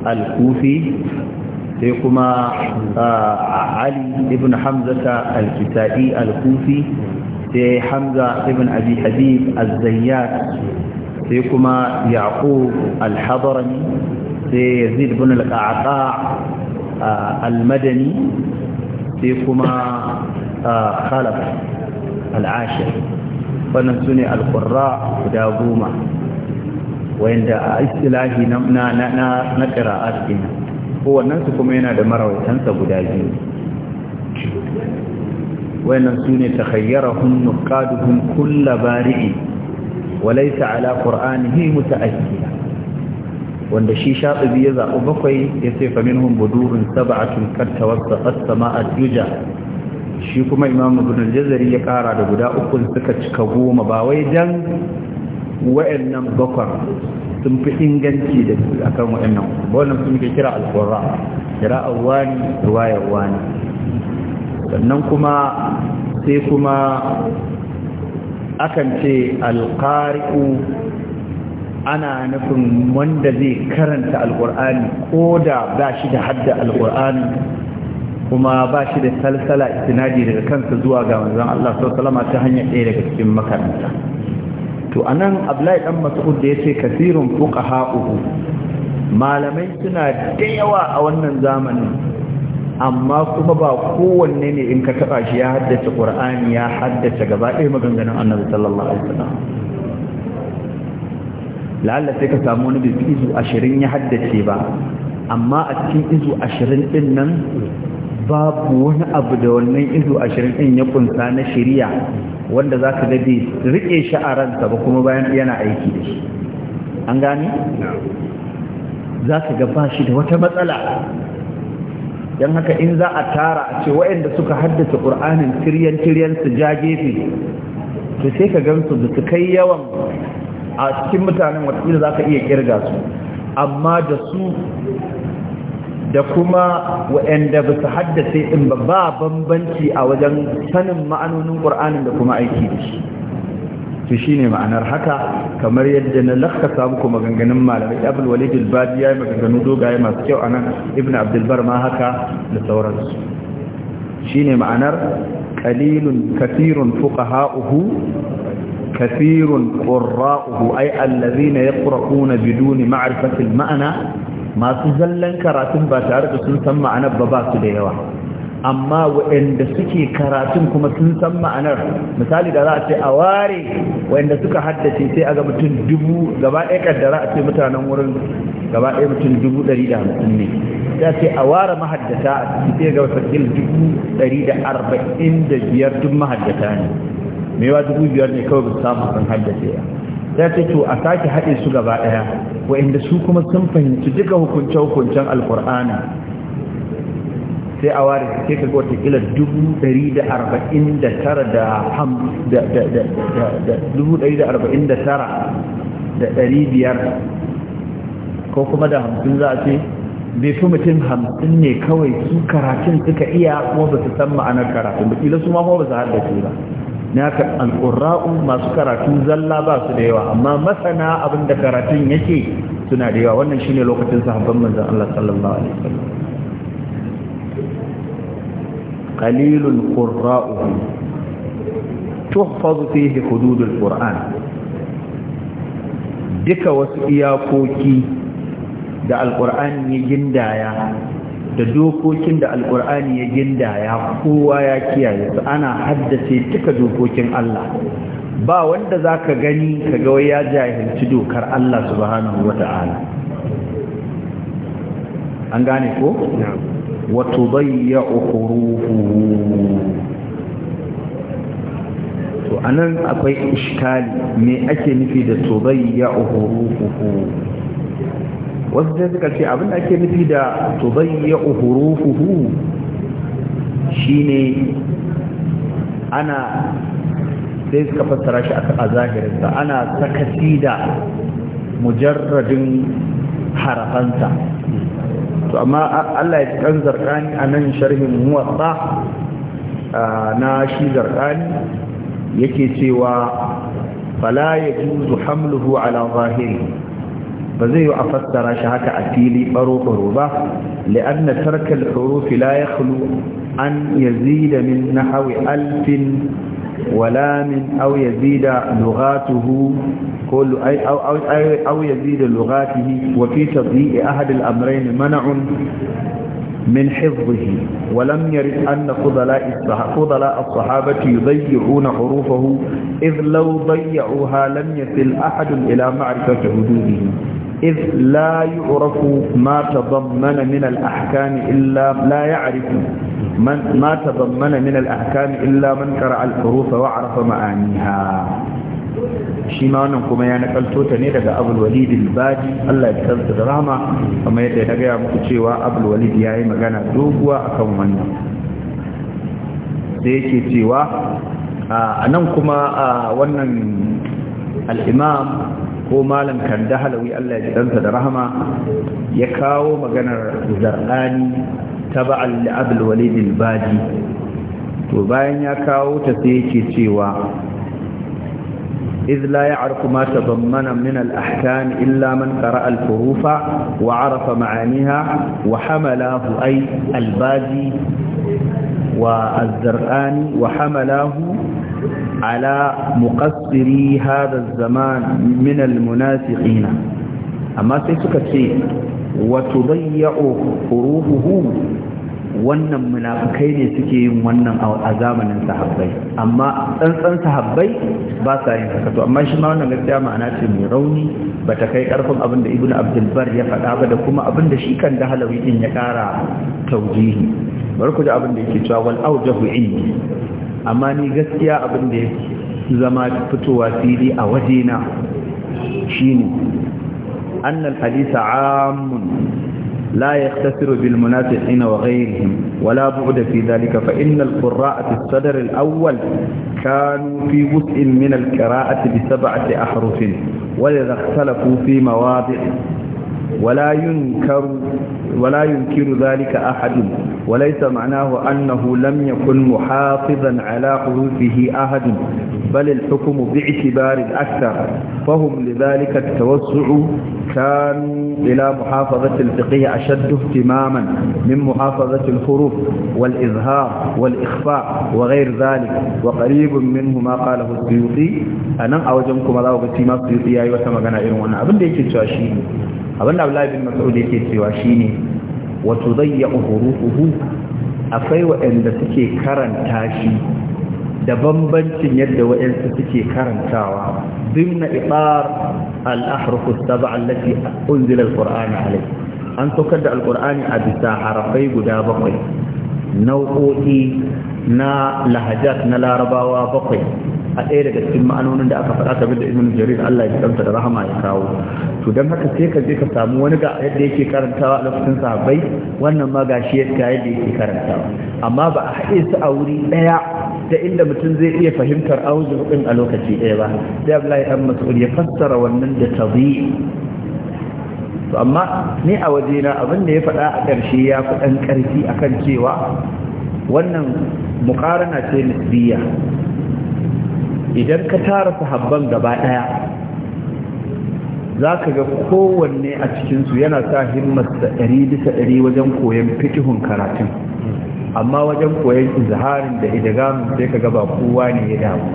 al-kufi sai kuma ali ibn hamzata al-kitai al-kufi sai hamza ibn abi habib al sai kuma yaqub al-hadrami sai yazid ibn al-qa'qa al-madani sai kuma khalaf al'ashir wannan su ne alƙurra guda goma wanda a istilahi na na na na ƙira'ar kuma yana da marawaitansa guda biyu wannan su ne ta hayyara hun nukaduhun kulla bari'i walaisa ala ƙur'anihi muta'akkila wanda shi shaɗubi ya zaɓi bakwai ya ce famin budurin budurun saba'atun karta wasu ƙasa a tuja shi kuma imam gudun jazari ya kara da guda uku suka cika goma ba wai dan wa'annan bakwar sun fi inganci da su akan wa'annan wannan sun ke kira al kira awani riwaya awani sannan kuma sai kuma akan ce al ana nufin wanda zai karanta al ko da ba shi da hadda al kuma ba shi da salsala istinadi daga kansa zuwa ga manzon Allah sallallahu salama ta hanyar ɗaya daga cikin makaranta to nan Abdullahi dan Mas'ud da yace kasirun fuqaha'uhu malamai suna da yawa a wannan zamanin amma kuma ba kowanne ne in ka taba shi ya haddace Qur'ani ya haddace gaba ɗaya maganganun Annabi sallallahu alaihi wasallam la'alla sai ka samu wani bisu izu ashirin ya haddace ba amma a cikin izu ashirin ɗin nan babu wani abu da wannan ido ashirin ɗin ya kunsa na shirya wanda za ka riƙe shi a ransa ba kuma bayan yana aiki da shi an gane? za ka gaba shi da wata matsala don haka in za a tara a ce waɗanda suka haddasa ƙur'anin tiryan-tiryan su ja gefe to sai ka gansu da su kai yawan a cikin mutanen watakila za ka iya kirga su amma da su da kuma waɗanda ba su haddace ɗin ba ba bambanci a wajen sanin ma'anonin ƙur'anin da kuma aiki da shi to ne ma'anar haka kamar yadda na samu muku maganganun malamai abul walid al ya yayi maganganu dogaye masu kyau anan nan abdul ma haka da sauransu shine ma'anar qalilun kathirun fuqaha'uhu كثير قراؤه أي الذين يقرؤون biduni معرفة ma'ana masu zallan karatun ba tare da sun san ma'anar ba ba su da yawa amma waɗanda suke karatun kuma sun san ma'anar misali da za a ce a ware waɗanda suka haddace sai a ga mutum dubu gaba ɗaya kaddara a ce mutanen wurin gaba ɗaya mutum dubu ɗari da hamsin ne ya ce a ware mahaddata a cikin sai ga wasakil dubu ɗari da arba'in da biyar duk mahaddata ne mewa dubu biyar ne kawai ba samu sun haddace ya ya ce to a sake haɗe su gaba ɗaya wa'inda su kuma sun fahimci duka hukunce-hukuncen alkur'ani sai a ware su ka wata kila dubu ɗari da arba'in da tara da ham da dubu ɗari da arba'in da tara da ɗari biyar ko kuma da hamsin za a ce bai fi mutum hamsin ne kawai su karatun suka iya kuma ba su san ma'anar karatun ba kila su ma kuma ba su su ba naka alƙura'u masu karatu zalla ba su da yawa amma masana abin da karatun yake suna da yawa wannan shine lokacin sahabban manzon Allah sallallahu alaihi wasallam qalilul qurra'u tuhfazu fihi hududul qur'an duka wasu iyakoki da alƙur'ani ya gindaya da dokokin da alkur'ani ya gindaya kowa ya kiyaye su ana haddace duka dokokin Allah ba wanda za ka gani ka ga ya jahilci dokar Allah subhanahu wa ta'ala an gane ko? wato bayya to anan akwai ishkali me ake nufi da to bayya wasu sai suka ce abin da ake nufi da tubayya uhurufuhu shine ana sai suka fassara shi a zahirinsa ana sakaci da mujarradin harafansa to amma Allah ya kan zarkani a nan sharhin muwatsa na shi zarkani yake cewa fala ya juzu hamluhu ala zahiri ba أفسر شهك أكيلي برو shi لأن ترك الحروف لا يخلو أن يزيد من نحو ألف ولا من أو يزيد لغاته كل أي أو, أو, أو, أو يزيد لغاته وفي تضيء أحد الأمرين منع من حفظه ولم يرد أن فضلاء فضلاء الصحابة يضيعون حروفه إذ لو ضيعوها لم يصل أحد إلى معرفة حدوده إذ لا يعرف ما تضمن من الأحكام إلا لا يعرف من ما تضمن من الأحكام إلا من قرأ الحروف وعرف معانيها shi ma wannan kuma ya nakaltota ne daga abul walid al-badi Allah ya kansa da rahama kamar yadda na gaya muku cewa abul walid ya yi magana doguwa akan wannan da yake cewa a nan kuma wannan al-imam ko malam kan halawi Allah ya ɗansa da rahama ya kawo maganar zarɗani ta ba'al da abul walidil baji to bayan ya kawo ta sai yake cewa إذ لا يعرف ما تضمن من الأحكام إلا من قرأ الحروف وعرف معانيها وحملاه أي البادي والزرقاني وحملاه على مقصري هذا الزمان من المنافقين أما سيسكتي وتضيع حروفه wannan munafukai ne suke yin wannan a zamanin sahabbai amma tsantsan sahabbai ba sa yin haka to amma shi ma wannan gaskiya ma'ana ce mai rauni ba ta kai karfin abin da ibnu Abdulbar ya faɗa ba da kuma abin da shi kan dahalawi din ya ƙara taujihi bari ku ji abin da yake cewa wal aujahu indi amma ni gaskiya abin da yake zama fitowa fili a wajena shine annal hadisa amun لا يختصر بالمنافقين وغيرهم ولا بعد في ذلك فإن القراء في الصدر الأول كانوا في وسء من القراءة بسبعة أحرف ولذا اختلفوا في مواضع ولا ينكر ولا ينكر ذلك أحد وليس معناه أنه لم يكن محافظا على حروفه أحد بل الحكم باعتبار الأكثر فهم لذلك التوسع كانوا إلى محافظة الفقه أشد اهتماما من محافظة الحروف والإظهار والإخفاء وغير ذلك وقريب منه ما قاله السيوطي أنا أوجمكم الله وقتي ما السيوطي أيوة ما كان أيوة أبن ديكي abin da Abdullahi bin da yake cewa shine wato zai tudayya hurufuhu akwai waɗanda suke karanta shi da bambancin yadda waɗansu suke karantawa na ibar al-ahrufu sab'a allati a al-qur'ana alayh an saukar da Alkur'ani a bisa harafai guda bakwai nau'o'i na lahajat na larabawa bakwai a ɗaya daga cikin ma'anonin da aka faɗa kamar da ibn jarir Allah ya kanta da rahama ya kawo to dan haka sai ka je ka samu wani ga yadda yake karantawa a lokacin sahabbai wannan ma shi yadda yadda yake karantawa amma ba a haɗe su a wuri ɗaya da inda mutum zai iya fahimtar auzu ɗin a lokaci ɗaya ba sai Abdullahi dan Mas'ud ya fassara wannan da tab'i to amma ni a wajena abin da ya faɗa a ƙarshe ya fi ɗan ƙarfi kan cewa wannan muƙarana ce nisbiya idan ka tara sahabban gaba ɗaya za ka ga kowanne a cikinsu yana sa himmarsa ɗari bisa ɗari wajen koyon fitihun karatun amma wajen koyon izharin da idgamin sai ka ga ba kowa ne ya damu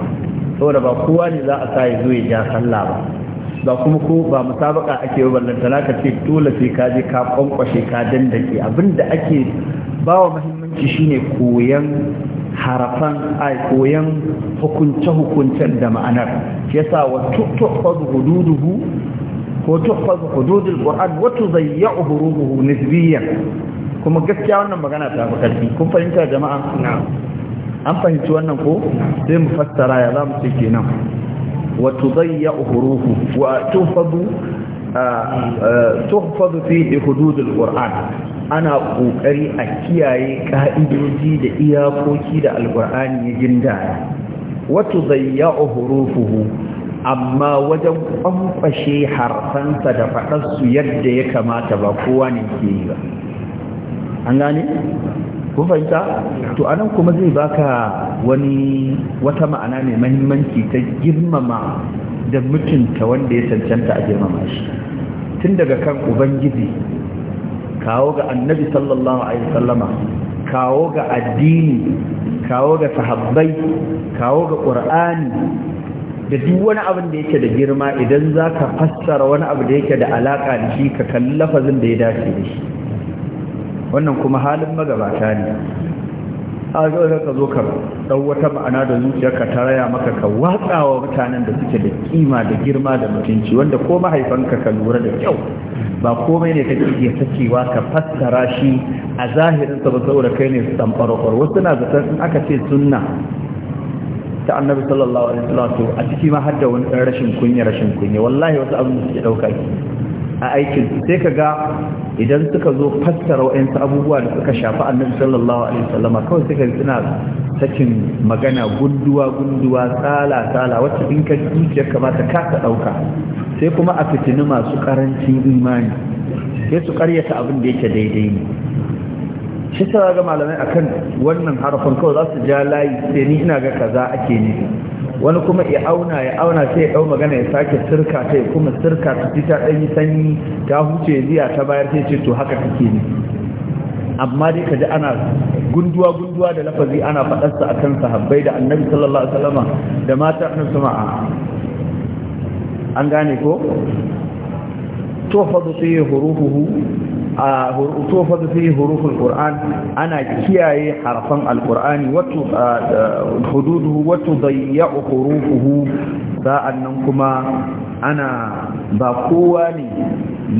saboda ba kowa ne za a sa ya zo ya ja sallah ba ba kuma ko ba musabaka ake yi ballantana ka ce dole sai ka je ka kwankwashe ka dandake abinda ake bawa muhimmanci shine koyan harafan ai koyan hukunce-hukuncen da ma'anar shi yasa wa tuffaz hududuhu ko tuffaz hududul qur'an wa tuzayyu hurubuhu nisbiyan kuma gaskiya wannan magana ta fi karfi kun fahimta jama'a an fahimci wannan ko sai mu fassara ya za mu ce kenan wa tudayya huruhu wa tuhfadu tuhfadu fi ana kokari a kiyaye ka'idoji da iyakoki da alkur'ani ya gindaya zai tudayya hurufuhu amma wajen kwamfashe harfansa da faɗarsu yadda ya kamata ba kowa ne ke yi ba an gane kun fahimta to anan kuma zai baka wani wata ma'ana mai mahimmanci ta girmama da mutunta wanda ya cancanta a girmama shi tun daga kan ubangiji kawo ga annabi sallallahu alaihi sallama kawo ga addini kawo ga sahabbai kawo ga ƙur'ani da duk wani abin da yake da girma idan za ka fassara wani abu da yake da alaƙa da shi ka kalli lafazin da ya dace da shi wannan kuma halin magabata ne a zo ka zo ka ɗau wata ma'ana da zuciyarka ta raya maka ka watsawa mutanen da suke da kima da girma da mutunci wanda ko mahaifanka ka lura da kyau ba komai ne kake iya tacewa ka fassara shi a zahirin sa ba saboda kai ne tsamfarokar wasu na zata in aka ce sunna ta annabi sallallahu alaihi wasallam a ciki ma har da wani rashin kunya rashin kunya wallahi wasu abin da suke ɗauka a aikin sai ka ga idan suka zo fassara wa'ansu abubuwa da suka shafi annabi sallallahu alaihi wasallama kawai suka suna sakin magana gunduwa gunduwa tsala tsala wacce in ka zuciyar kamata ka ka ɗauka sai kuma a fitini masu ƙarancin imani sai su karyata abin da yake daidai ne shi sa ga malamai akan wannan harafin kawai za su ja layi sai ni ina ga kaza ake nufi wani kuma ya auna ya auna sai ya dau magana ya sake sirka ta kuma sirka ta ci ta ɗanyi sanyi ta huce ziya ta bayar sai ce to haka ke ne amma dai ji ana gunduwa gunduwa da lafazi ana faɗarsa akan sahabbai da annabi sallallahu alaihi wasallama da mata annabi sama'a an gane ko to fa tusihi hurufuhu a tofar fi hurufin ƙur'an ana kiyaye harfan alƙur'ani wato hududu wato bayya hurufuhu sa'an nan kuma ana ba kowa ne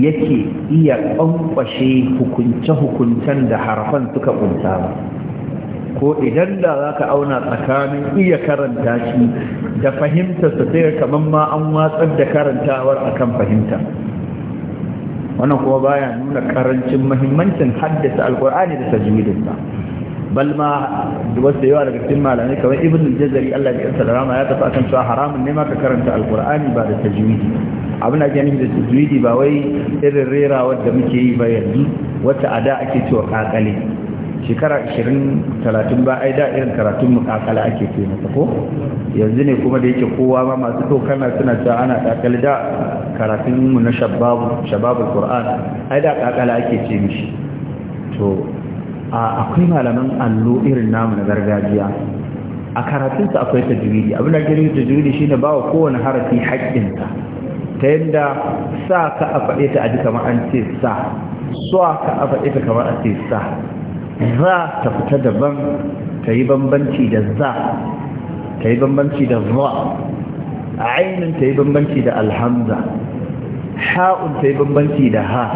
yake iya ƙwanƙwashe hukunce-hukuncen da harfan suka ƙunsa ba ko idan da za ka auna tsakanin iya karanta shi da fahimtarsa sai kamar ma an watsar da karantawar akan fahimta wannan kuma baya nuna karancin mahimmancin haddasa alkur'ani da tajwidin ba bal ma wasu yawa daga cikin malamai kamar ibn al-jazari Allah ya rama ya tafi akan cewa haramun ne ma ka karanta alkur'ani ba da tajwidi abin da ake da tajwidi ba wai irin rera wanda muke yi ba yanzu wata ada ake cewa kakale shekara 20-30 ba ai da irin karatun mukakala ake ce masa ko yanzu ne kuma da yake kowa ma masu tokana suna cewa ana kakali da karatun mu na shababul qur'an ai da kakala ake ce mishi to akwai malaman allo irin namu na gargajiya a karatunsa akwai tajwidi abin da gari shi ne bawa kowane harafi haƙƙinsa ta yadda sa ka a faɗe ta a ji kamar an ce sa so ka a faɗe ta kamar an ce sa za ta fita daban ta yi bambanci da za ta yi bambanci da za a ainin ta yi bambanci da alhamza ha'un ta yi bambanci da ha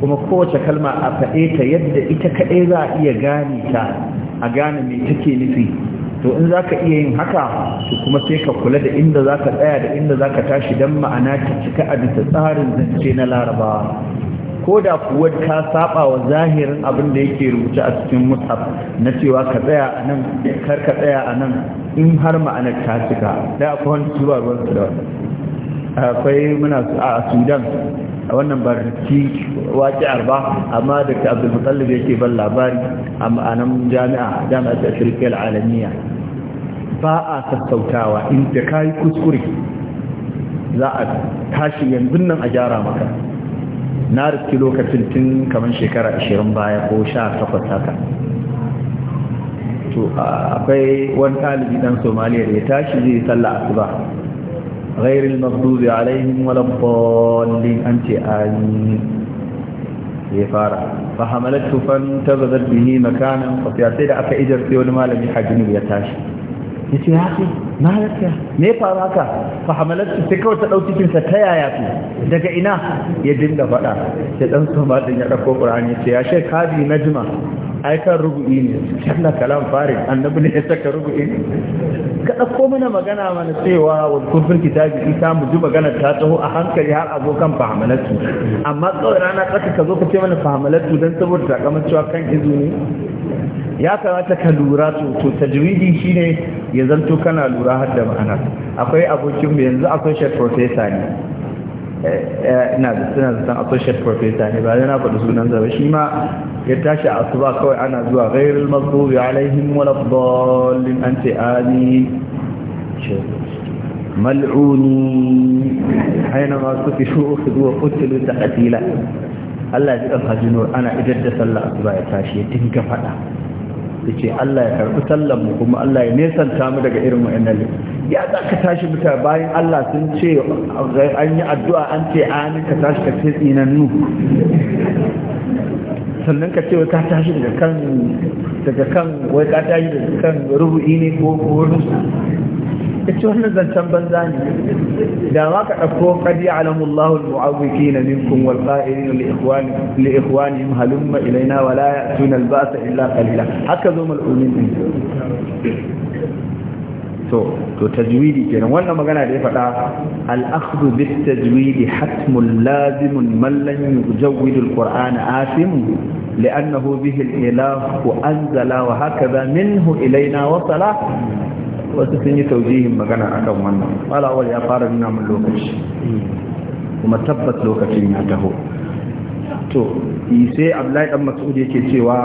kuma kowace kalma a faɗe ta yadda ita kaɗai za a iya gane ta a gane mai take nufi to in za ka iya yin haka to kuma sai ka kula da inda za ka tsaya da inda za ka tashi don ma'ana ta cika a bisa tsarin zance na larabawa ko da kuwa ka saba wa zahirin abin da yake rubuce a cikin mushaf na cewa ka tsaya a nan kar ka tsaya a nan in har ma'anar ta cika da akwai wani tuba ruwan su da akwai muna a sudan a wannan barci waƙi'ar arba amma da ta abdulmutallib yake ban labari a ma'anar jami'a jami'a ta shirkiyar alamiya ba a sassautawa in da kayi kuskure za a tashi yanzu nan a gyara maka na rufi lokacin tun kamar shekara 20 baya ko 18 haka to akwai wani ɗalibi dan somaliya da ya tashi zai sallah asuba ghairil maghdubi alaihim waladdallin an ce ya fara fa tufan fan tabazat bihi makanan fa sai da aka ijar sai wani malami ne ya tashi ce ya na halatta me faru haka fa hamalatu sai kawai ta dauki kinsa ta yaya su, daga ina ya dinga faɗa sai dan ma din ya dauko qur'ani ce, ya shek hadi najma ai kan rubu'i ne Allah kalam fare annabi ne ya saka rubu'i ka dauko mana magana mana cewa wa kufur kitabi isa mu ji magana ta tsaho a hankali har abokan fa hamalatu amma kawai rana ka ka zo ka ce mana fa hamalatu dan saboda ta kamar cewa kan izu ne ya kamata ka lura to to tajwidi shine ya zanto kana lura har da ma'ana akwai abokin mu yanzu associate professor ne eh, eh, ina da suna da associate professor ne ba na faɗi sunan sa ba shi ma ya tashi a asuba kawai ana zuwa ghairul maghdubi alaihim waladdallin an ce amin mal'uni aina ma su fi shu ukhdu wa qutilu taqtila Allah ya ji kan hajjino ana idar da sallah asuba ya tashi ya dinga faɗa yace Allah ya karbi sallan mu kuma Allah ya nesanta mu daga irin wa'annan ya za ka tashi mutane bayan Allah sun ce an yi addu'a an ce amin ka tashi ka ce tsinannu sannan ka ce wai ka tashi daga kan daga wai ka tashi daga kan rubu'i ne ko su. ta wannan zancen banza ne da ma ka ɗauko kadi alamullahu al-mu'awwiki na minkum wal qa'irin li ikhwanihim halumma ilaina wa la ya'tuna al-ba'sa illa qalila haka zo mal'umin din to to tajwidi kenan wannan magana da ya faɗa al-akhdhu bit tajwidi hatmun lazimun man lan yujawwid al-qur'ana asim لأنه به الإله أنزل وهكذا منه إلينا sala. wasu sun yi taujihin magana akan wannan malawar ya fara nuna min lokaci kuma tabbat lokacin ya taho to sai abdullahi dan mas'ud yake cewa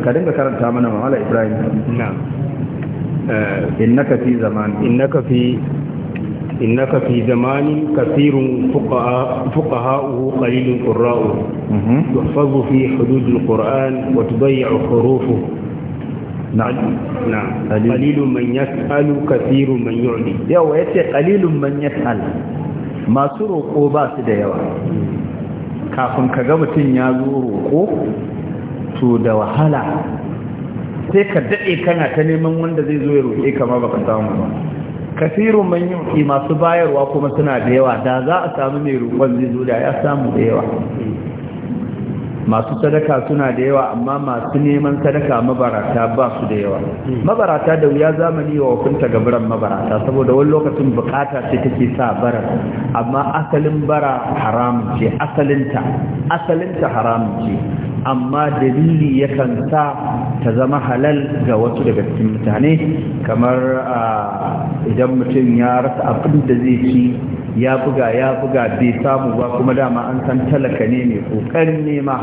ka dinga karanta mana mamala ibrahim na'am eh, innaka fi zaman innaka fi innaka fi zamanin kathirun fuqaha fuqaha'uhu qalilun qurra'u tuhfazu mhm. fi hududil qur'an wa tubayyi'u hurufuhu na'am qalilun ya yas'alu man yawa ce man masu roƙo ba su da yawa kafin ka ga mutum ya zo roƙo to da wahala sai ka daɗe kana ta neman wanda zai zo ya roƙe kama ba ka samu ba kasirun man yu'ti masu bayarwa kuma suna da yawa da za a samu mai roƙon zai zo da ya samu da yawa masu sadaka suna da yawa amma masu neman sadaka mabarata ba su da yawa mabarata da wuya zamani wa hukunta biran mabarata saboda wani lokacin bukata ce take sa bara amma asalin bara haram ce asalinta asalinta haram ce amma dalili yakan sa ta zama halal ga wasu daga cikin mutane kamar ah, idan mutum ya rasa abin da zai ci ya buga ya buga bai samu ba kuma dama an san talaka ne mai kokarin nema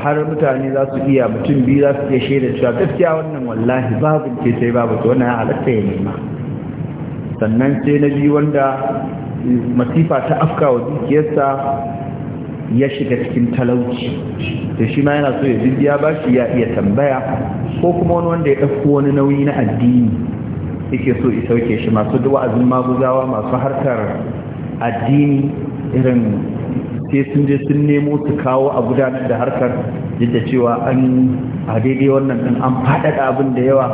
har mutane za su iya mutum biyu za su iya shaida cewa gaskiya wannan wallahi babu ke sai babu to wannan halatta ya nema sannan sai na biyu wanda masifa ta afka wa dukiyarsa ya shiga cikin talauci da shi ma yana so ya bibiya ba shi ya iya tambaya ko kuma wani wanda ya ɗauko wani nauyi na addini yake so ya sauke shi masu wa'azin maguzawa masu harkar addini irin sai sun je sun nemo su kawo a gudanar da harkar yadda cewa an a daidai wannan din an faɗaɗa abin da yawa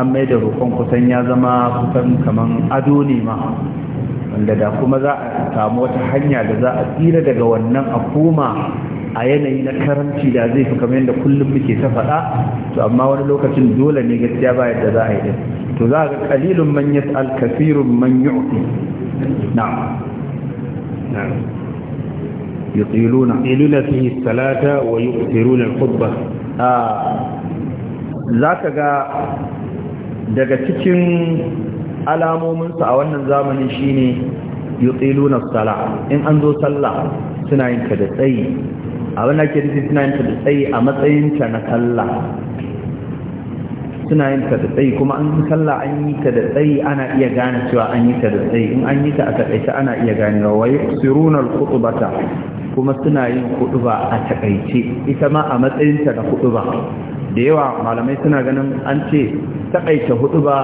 an mai da roƙon kusan ya zama kusan kaman ado ne ma wanda da kuma za a samu wata hanya da za a tsira daga wannan a koma a yanayi na karanci da zai fi kamar yadda kullum muke ta faɗa to amma wani lokacin dole ne gaskiya ba yadda za a yi to za ga kalilun man yas'al kafirun man yu'ti na'am يطيلون يطيلون فيه salata wa الخطبة ذاك جاء ga daga cikin alamomin su a wannan zamanin shine yutiluna as-sala in an zo sallah suna yin ka da tsayi abin da ke nufi suna yin ka da tsayi a matsayin ta na sallah suna yin ta da tsayi kuma an sallah an yi ta da tsayi ana iya gane cewa an yi ta da tsayi in an yi ta a takaice ana iya gane wa wai al-khutbata kuma suna yin khutba a takaice ita ma a matsayin ta da khutba da yawa malamai suna ganin an ce takaice khutba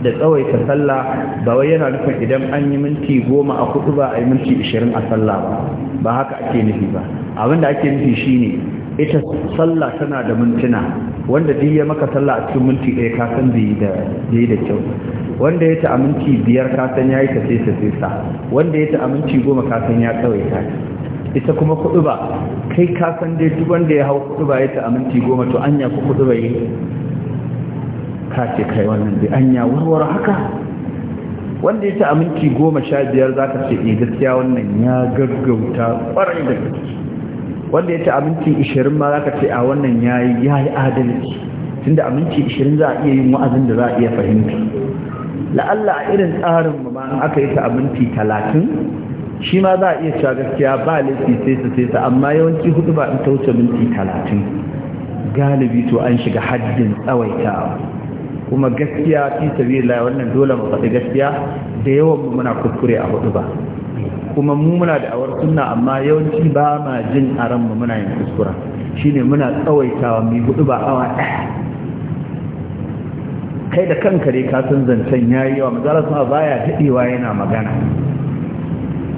da ta sallah ba wai yana nufin idan an yi minti goma a khutba a yi minti ashirin a sallah ba ba haka ake nufi ba abin da ake nufi shine ita sallah tana da mintuna wanda duk ya maka sallah a cikin minti ɗaya ka san bai da da kyau wanda ya ta aminci biyar ka san yi ta sai sai sa wanda ya ta aminci goma ka san ya tsawai ta ita kuma kuɗu ba kai ka san dai duk wanda ya hau kuɗu ba ya ta aminci goma to anya ku kuɗi ba yi ka ce kai wannan dai anya warware haka wanda ya ta aminci goma sha biyar za ka ce eh gaskiya wannan ya gaggauta ƙwarai da gaske wanda ya ci aminci 20 ma za ka ce a wannan ya yi adalci tunda aminci 20 za a iya yin wa'azin da za a iya fahimta la'alla a irin tsarin ma an aka yi ta aminci 30 shi ma za a iya cewa gaskiya ba laifi sai su sai su amma yawanci hudu ba in ta wuce minti 30 galibi to an shiga haddin tsawaitawa kuma gaskiya fi sabilillah wannan dole mu faɗi gaskiya da yawan muna kuskure a hudu ba kuma mu muna da awar sunna amma yawanci ba ma jin a ranmu muna yin kuskura shine muna tsawaitawa mai hudu ba awa ɗaya kai da kanka dai ka san zancen yayi yawa mazalar sun baya daɗewa yana magana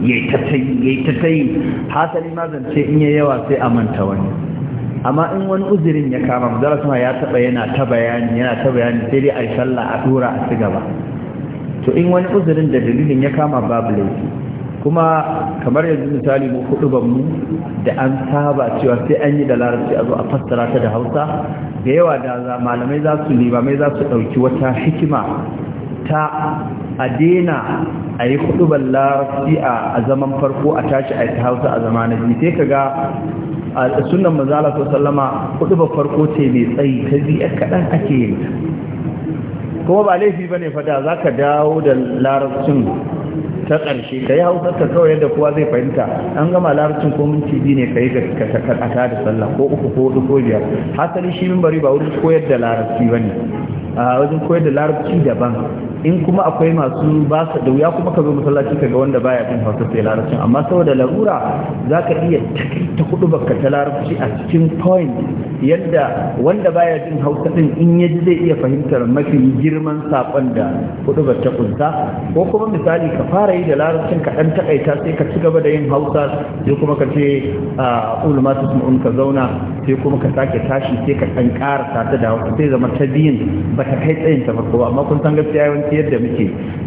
yayi ta yayi ta yi, hasali ma zance in yayi yawa sai a manta wani amma in wani uzurin ya kama mazalar sun ya taɓa yana ta bayani yana ta bayani sai dai a yi sallah a dora a ci gaba to in wani uzurin da dalilin ya kama babu laifi kuma kamar yanzu misali mu kudu mu da an saba cewa sai an yi da larabci a zo a fassara ta da hausa da yawa da malamai za su limamai za su ɗauki wata hikima ta a daina a yi ban larabci a zaman farko a tashi a ta hausa a zama na biyu sai ka ga a sunan mazala ko sallama kudubar farko ce mai tsayi ta biya kaɗan ake yin kuma ba laifi ba ne fada za ka dawo da larabcin ta ƙarshe ka yi hausar ka kawai yadda kowa zai fahimta an gama larabcin ko minti biyu ne ka yi ka ta da sallah ko uku ko hudu ko biyar hasali shi min bari ba wurin koyar da larabci ba ne a wajen koyar da larabci daban in kuma akwai masu ba su da wuya kuma ka zo masallaci ka ga wanda baya bin hausa sai larabcin amma saboda larura za ka iya ta hudu baka ta larabci a cikin point yadda wanda baya jin hausa din in ya ji zai iya fahimtar mafi girman saƙon da kudu ba ta kunta ko kuma misali ka fara yi da larabcin ka ɗan taƙaita sai ka ci gaba da yin hausa sai kuma ka ce a ulama su sun ka zauna sai kuma ka sake tashi sai ka dan sata da hausa sai zama ta biyun ba ta kai tsayin ta farko amma kun san gaskiya yawanci yadda muke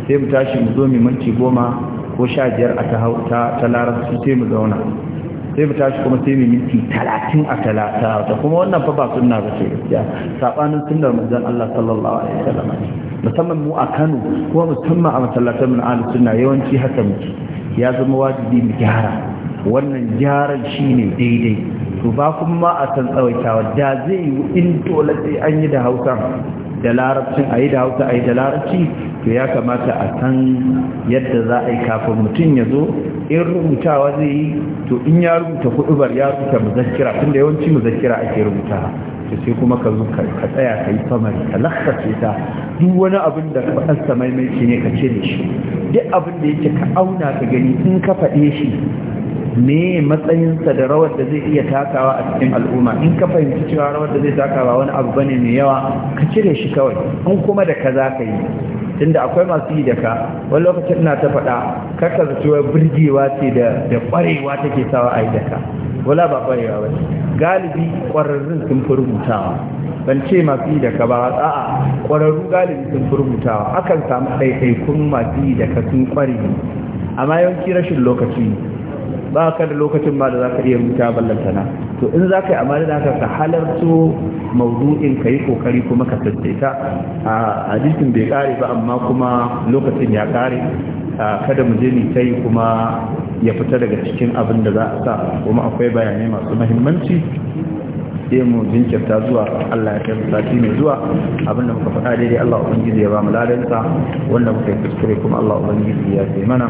sai mu tashi mu zo mu minti goma ko sha biyar a ta larabci sai mu zauna sai mu tashi kuma sai mu minti talatin a talata ta kuma wannan fa ba sunna ba ce gaskiya sabanin sunnar mazan Allah sallallahu alaihi wasallam musamman mu a Kano kuma musamman a masallatan mun ahli sunna yawanci haka muke ya zama wajibi mu gyara wannan gyaran shine daidai to ba kuma a san tsawaitawa da zai yi in dole sai an yi da Hausa da larabcin a yi da hausa a yi da larabci to ya kamata a san yadda za a yi kafin mutum ya zo in rubutawa zai yi to in ya rubuta hudubar ya rubuta muzakira? tunda yawanci muzakkira ake rubuta to sai kuma ka zo ka tsaya ka yi samari ka lakkace ta duk wani abin da ka faɗa samai mai ne ka ce da shi duk abin da yake ka auna ka gani in ka faɗe shi me matsayinsa da rawar da zai iya takawa a cikin al'umma in ka fahimci cewa rawar da zai takawa wani abu bane mai yawa ka cire shi kawai in kuma da ka za ka yi tunda akwai masu yi da ka wani lokacin ina ta faɗa kakka zaci wai ce da da ƙwarewa take sawa a yi da ka wala ba ƙwarewa ba galibi ƙwararrun sun fi rubutawa ban ce masu yi da ka ba a'a ƙwararru galibi sun fi rubutawa akan samu ɗaiɗaikun masu yi da ka sun ƙware amma yawanci rashin lokaci ne ba ka da lokacin ba da za ka iya rubuta ballantana to in za ka yi amana da ka halarto maudu'in ka yi kokari kuma ka tattaita a hadisin bai kare ba amma kuma lokacin ya kare kada mu je ni yi kuma ya fita daga cikin abin da za a sa kuma akwai bayanai masu mahimmanci sai mu jinkirta zuwa Allah ya kai mu sati mai zuwa abin da muka faɗa daidai Allah ubangiji ya ba mu ladansa wanda muka yi kuskure kuma Allah ubangiji ya sai mana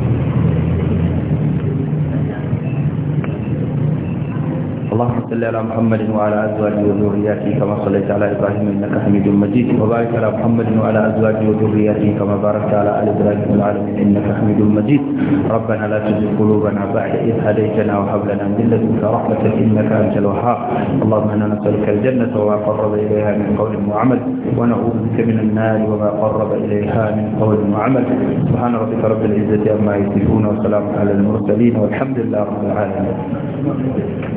اللهم صل على محمد وعلى ازواجه وذرياته كما صليت على ابراهيم انك حميد مجيد وبارك على محمد وعلى ازواجه وذرياته كما باركت على ال ابراهيم العالمين انك حميد مجيد ربنا لا تزغ قلوبنا بعد اذ هديتنا وهب لنا من لدنك رحمه انك انت الوهاب اللهم انا نسالك الجنه وما قرب اليها من قول وعمل ونعوذ بك من النار وما قرب اليها من قول وعمل سبحان ربك رب العزه عما يصفون وسلام على المرسلين والحمد لله رب العالمين